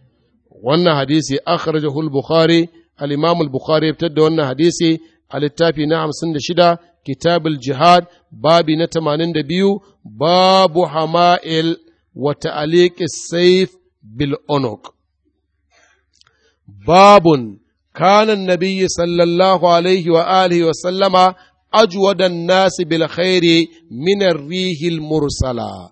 wannan hadisi akhrajahu al-bukhari al-imam al-bukhari ya fitar da wannan hadisi a littafi na 56 kitabul jihad babi na 82 babu hama'il wa ta'liq as-sayf bil unuq babun an-nabiy sallallahu alayhi wa alihi wa sallama. ajwadan nasi bil khairi min rihil mursala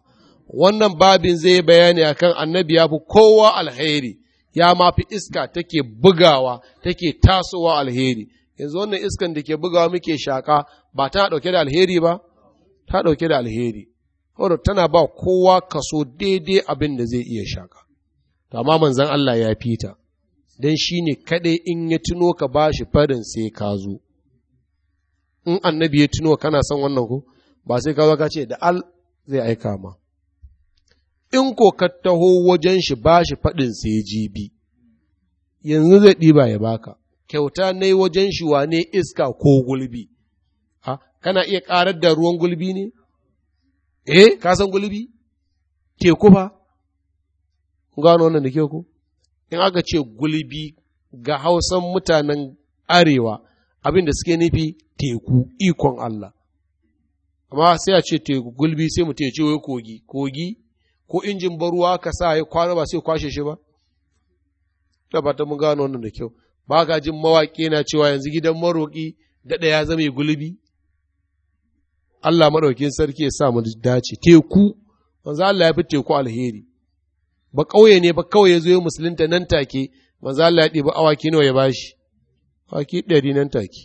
wannan babin zai bayani akan annabi ya fi kowa alheri ya ma fi iska take bugawa take tasowa alheri yanzu wannan iskan da ke bugawa muke shaka ba ta dauke da alheri ba ta dauke da alheri wadda tana ba kowa kaso daidai abin da zai iya shaka amma manzon Allah ya fita dan shine kadai in ya tuno ka bashi farin sai ka zo in annabi ya tuno kana son wannan ko ba sai ka ka ce da al zai aika ma in ko ka taho wajen shi ba shi faɗin sai jibi yanzu zai ɗiba ya baka kyauta ne wajen shi wane iska ko gulbi ha kana iya ƙarar da ruwan gulbi ne eh ka san gulbi teku ba gano wannan da ke ku in aka ce gulbi ga hausan mutanen arewa abin da suke nufi teku ikon Allah amma sai a ce teku gulbi sai mu ya wai kogi kogi ko injin baruwa ka sa ya kwana ba sai kwashe shi ba ta ba ta mu gano wannan da kyau ba ka jin mawaƙi na cewa yanzu gidan maroƙi daɗa ya zama gulbi Allah maɗaukin sarki ya sa mu dace teku manzo Allah ya fi teku alheri ba ƙauye ne ba kawai ya zo ya musulunta nan take manzo Allah ya ba awaki nawa ya bashi Kwaki ɗari nan take.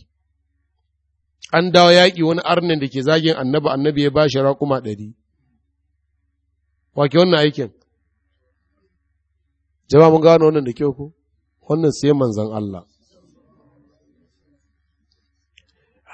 An dawo yaƙi wani arnin da ke zagin annabi annabi ya ba shi raƙuma ɗari. Wake wannan aikin? Jama'a mun gano wannan da kyau ku? Wannan sai manzan Allah.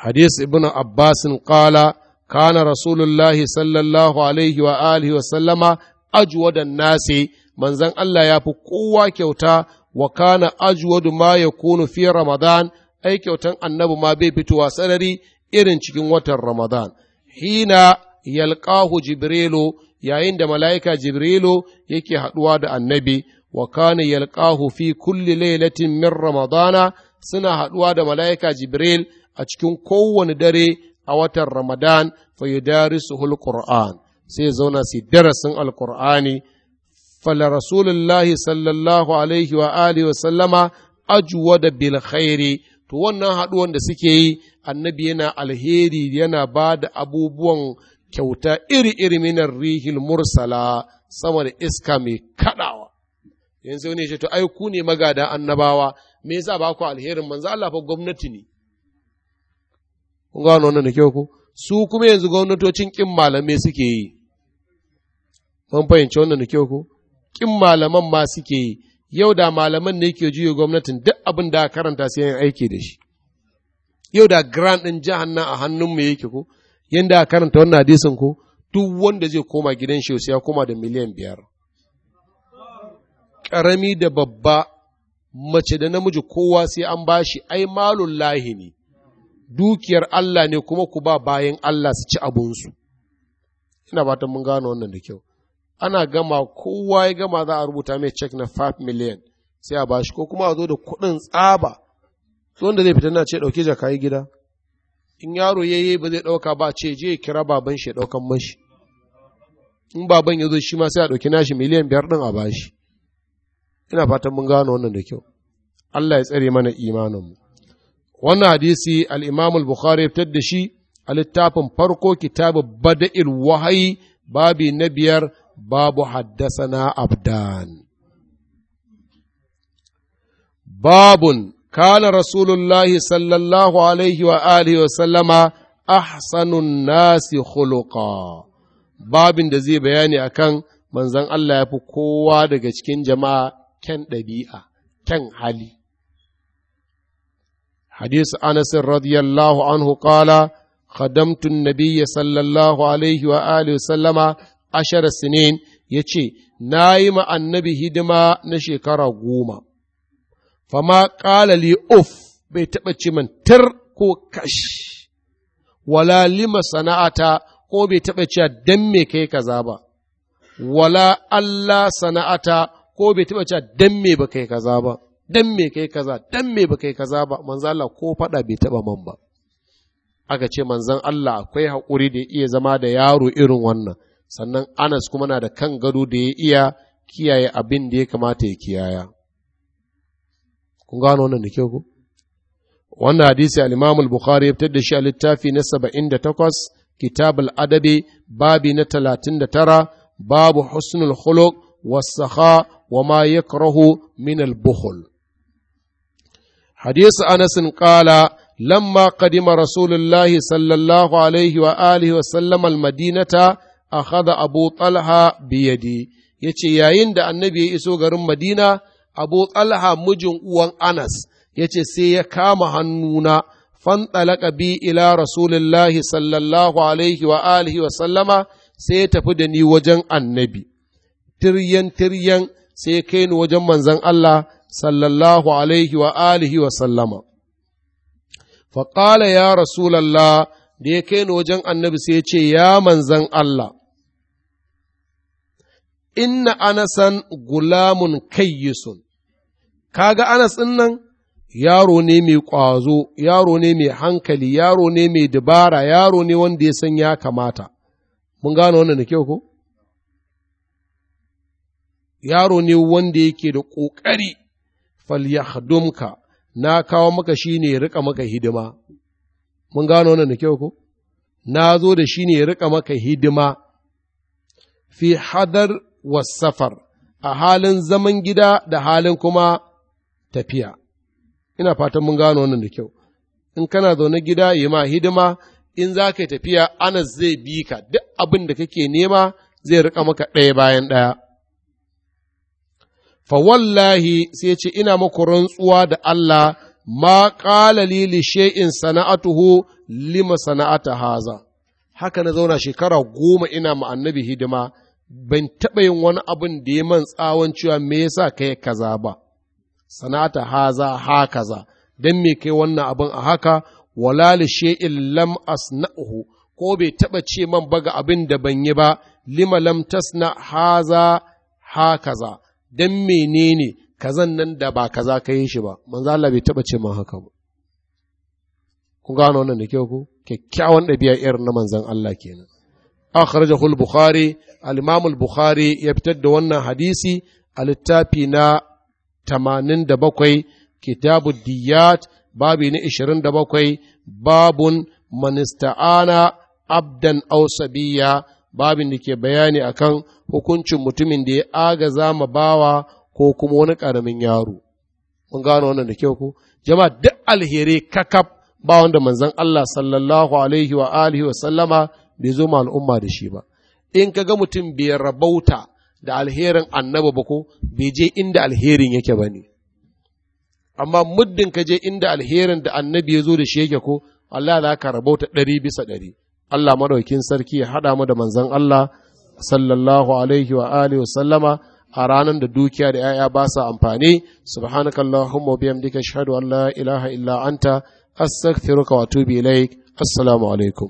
Hadis Ibn Abbasin ƙala, kana Rasulullahi sallallahu alaihi wa alihi wa sallama ajuwadan nasi manzan Allah ya fi kowa kyauta wa kana ajwadu ma yakunu fi ramadan ai kyautan annabi ma bai fitowa sarari irin cikin watan ramadan hina yalqahu jibrilu yayin da mala'ika jibrilu yake haɗuwa da annabi wa kana yalqahu fi kulli lailatin min ramadana suna haɗuwa da mala'ika jibril a cikin kowane dare a watan ramadan fa yudarisuhul qur'an sai zauna su darasin alqur'ani fala rasulullahi sallallahu alaihi wa alihi wa sallama ajuwa da bil khairi to wannan haɗuwan da suke yi annabi yana alheri yana ba da abubuwan kyauta iri-iri minar rihil mursala sama da iska mai kaɗawa yanzu ne ce to ai ku ne magada annabawa me yasa ba ku alherin manzo Allah fa gwamnati ne kun ga wannan da kyau ko su kuma yanzu gwamnatocin kin malame suke yi mun fahimci wannan da kyau ko ƙin malaman ma suke yi yau da malaman ne ke juya gwamnatin duk abin da karanta sai yin aiki da shi yau da grand ɗin jihar nan a hannun mu yake ko yanda a karanta wannan hadisin ko duk wanda zai koma gidan shi sai ya koma da miliyan biyar Karami da babba mace da namiji kowa sai an bashi ai malun lahi ne dukiyar Allah ne kuma ku ba bayan Allah su ci abunsu ina fatan mun gano wannan da kyau ana gama kowa ya gama za a rubuta mai cek na 5 miliyan sai a bashi ko kuma a zo da kuɗin tsaba wanda zai fita na ce ɗauke jaka yi gida in yaro ya yi ba zai ɗauka ba ce je kira baban shi ɗaukan mashi in baban ya zo shi ma sai a ɗauki nashi miliyan biyar ɗin a bashi ina fatan mun gano wannan da kyau Allah ya tsare mana imaninmu wannan hadisi al-Imam al-Bukhari ya fitar da shi a littafin farko kitabu Bada'il Wahayi babi na biyar babu haddasa haddasana abdan babun kala rasulullahi sallallahu alaihi wa alihi wa sallama ahsanun nasi khuluqa babin da zai bayani a kan manzon Allah ya fi kowa daga cikin jama'a kyan ɗabi'a kyan hali حديث أنس رضي الله عنه قال خدمت النبي صلى الله عليه وآله وسلم ashara sinin ya ce, Na yi ma annabi hidima na shekara goma, fama ƙalali of bai taɓa cimin ko kash, wala lima sana'ata ko bai taɓa cewa dan me kai kaza ba, wala Allah sana'ata ko bai taɓa cewa dan me ba kai kaza ba, dan me kai kaza, dan me ba kai kaza ba, manzala ko faɗa bai taɓa man ba. Aka ce manzan Allah akwai haƙuri da iya zama da yaro irin wannan. sannan Anas kuma na da kan gado da ya iya kiyaye abin da ya kamata ya kiyaya. Kun gano wannan da kyau ku? Wannan hadisi al-Imam bukhari ya fitar da shi a littafi na da takwas al-Adabi babi na tara babu husnul khuluq was-sakha wa ma yakrahu min al hadisi anasin kala lamma kadima قدم sallallahu alaihi wa alihi wa sallam وسلم akhada abu talha biyadi yace yayin da annabi ya iso garin madina abu talha mijin uwan anas yace sai ya kama hannuna fanɗalaka bi ila rasulillahi sallallahu alaihi wa alihi wa sallama sai ya tafi da ni wajen annabi tiryan tiryan sai ya kai ni wajen manzon Allah sallallahu alaihi wa alihi wa sallama faƙala ya rasulallah da ya kai ni wajen annabi sai ya ce ya manzan Allah inna anasan gulamun kayyisun, kaga anas ɗin nan yaro ne mai ƙwazo, yaro ne mai hankali, yaro ne mai dabara, yaro ne wanda ya san ya kamata. Mun gano wannan da kyau ko? Yaro ne wanda yake da ƙoƙari, falyahdumka na kawo maka shi ne riƙa maka hidima. Mun gano wannan da kyau ko? Na zo da shi ne riƙa maka hidima. Fi hadar wasafar a halin zaman gida da halin kuma tafiya. Ina fatan mun gano wannan da kyau. In kana zaune gida yi ma hidima, in za ka tafiya anas zai bi ka duk abin da kake nema zai riƙa maka ɗaya bayan ɗaya. Fa wallahi sai ce ina maku rantsuwa da Allah ma ƙala li shay'in sana'atuhu lima sana'ata haza. Haka na zauna shekara goma ina ma annabi hidima, ban taɓa yin wani abin da ya man tsawon cewa me yasa kai kaza ba sanata haza ha kaza dan me kai wannan abin a haka wala li shay'in lam ko bai taɓa ce man baga abin da ban yi ba lima lam tasna haza ha kaza dan menene kazan nan da ba kaza ka yi shi ba manzo Allah bai taɓa ce man haka ba kun gano wannan da kyau ko kyakkyawan ɗabi'a irin na manzon Allah kenan akhrajahu al-bukhari al-imam bukhari ya fitar da wannan hadisi a littafi na 87 kitabu diyat babi na 27 babun man abdan aw sabiya babin da ke bayani akan hukuncin mutumin da ya agaza ma bawa ko kuma wani karamin yaro mun gano wannan da kyau ko jama'a duk alheri kakab ba wanda manzon Allah sallallahu alaihi wa alihi wa sallama bai zo ma al'umma da shi ba in ka ga mutum bai rabauta da alherin annabi ba ko bai je inda alherin yake ba ne amma muddin ka je inda alherin da annabi ya zo da shi yake ko Allah za ka rabauta ɗari bisa ɗari Allah madaukin sarki ya haɗa mu da manzon Allah sallallahu alaihi wa alihi sallama a ranar da dukiya da 'ya'ya ba sa amfani subhanakallahumma wa bihamdika ashhadu an la ilaha illa anta astaghfiruka wa atubu ilaik assalamu alaikum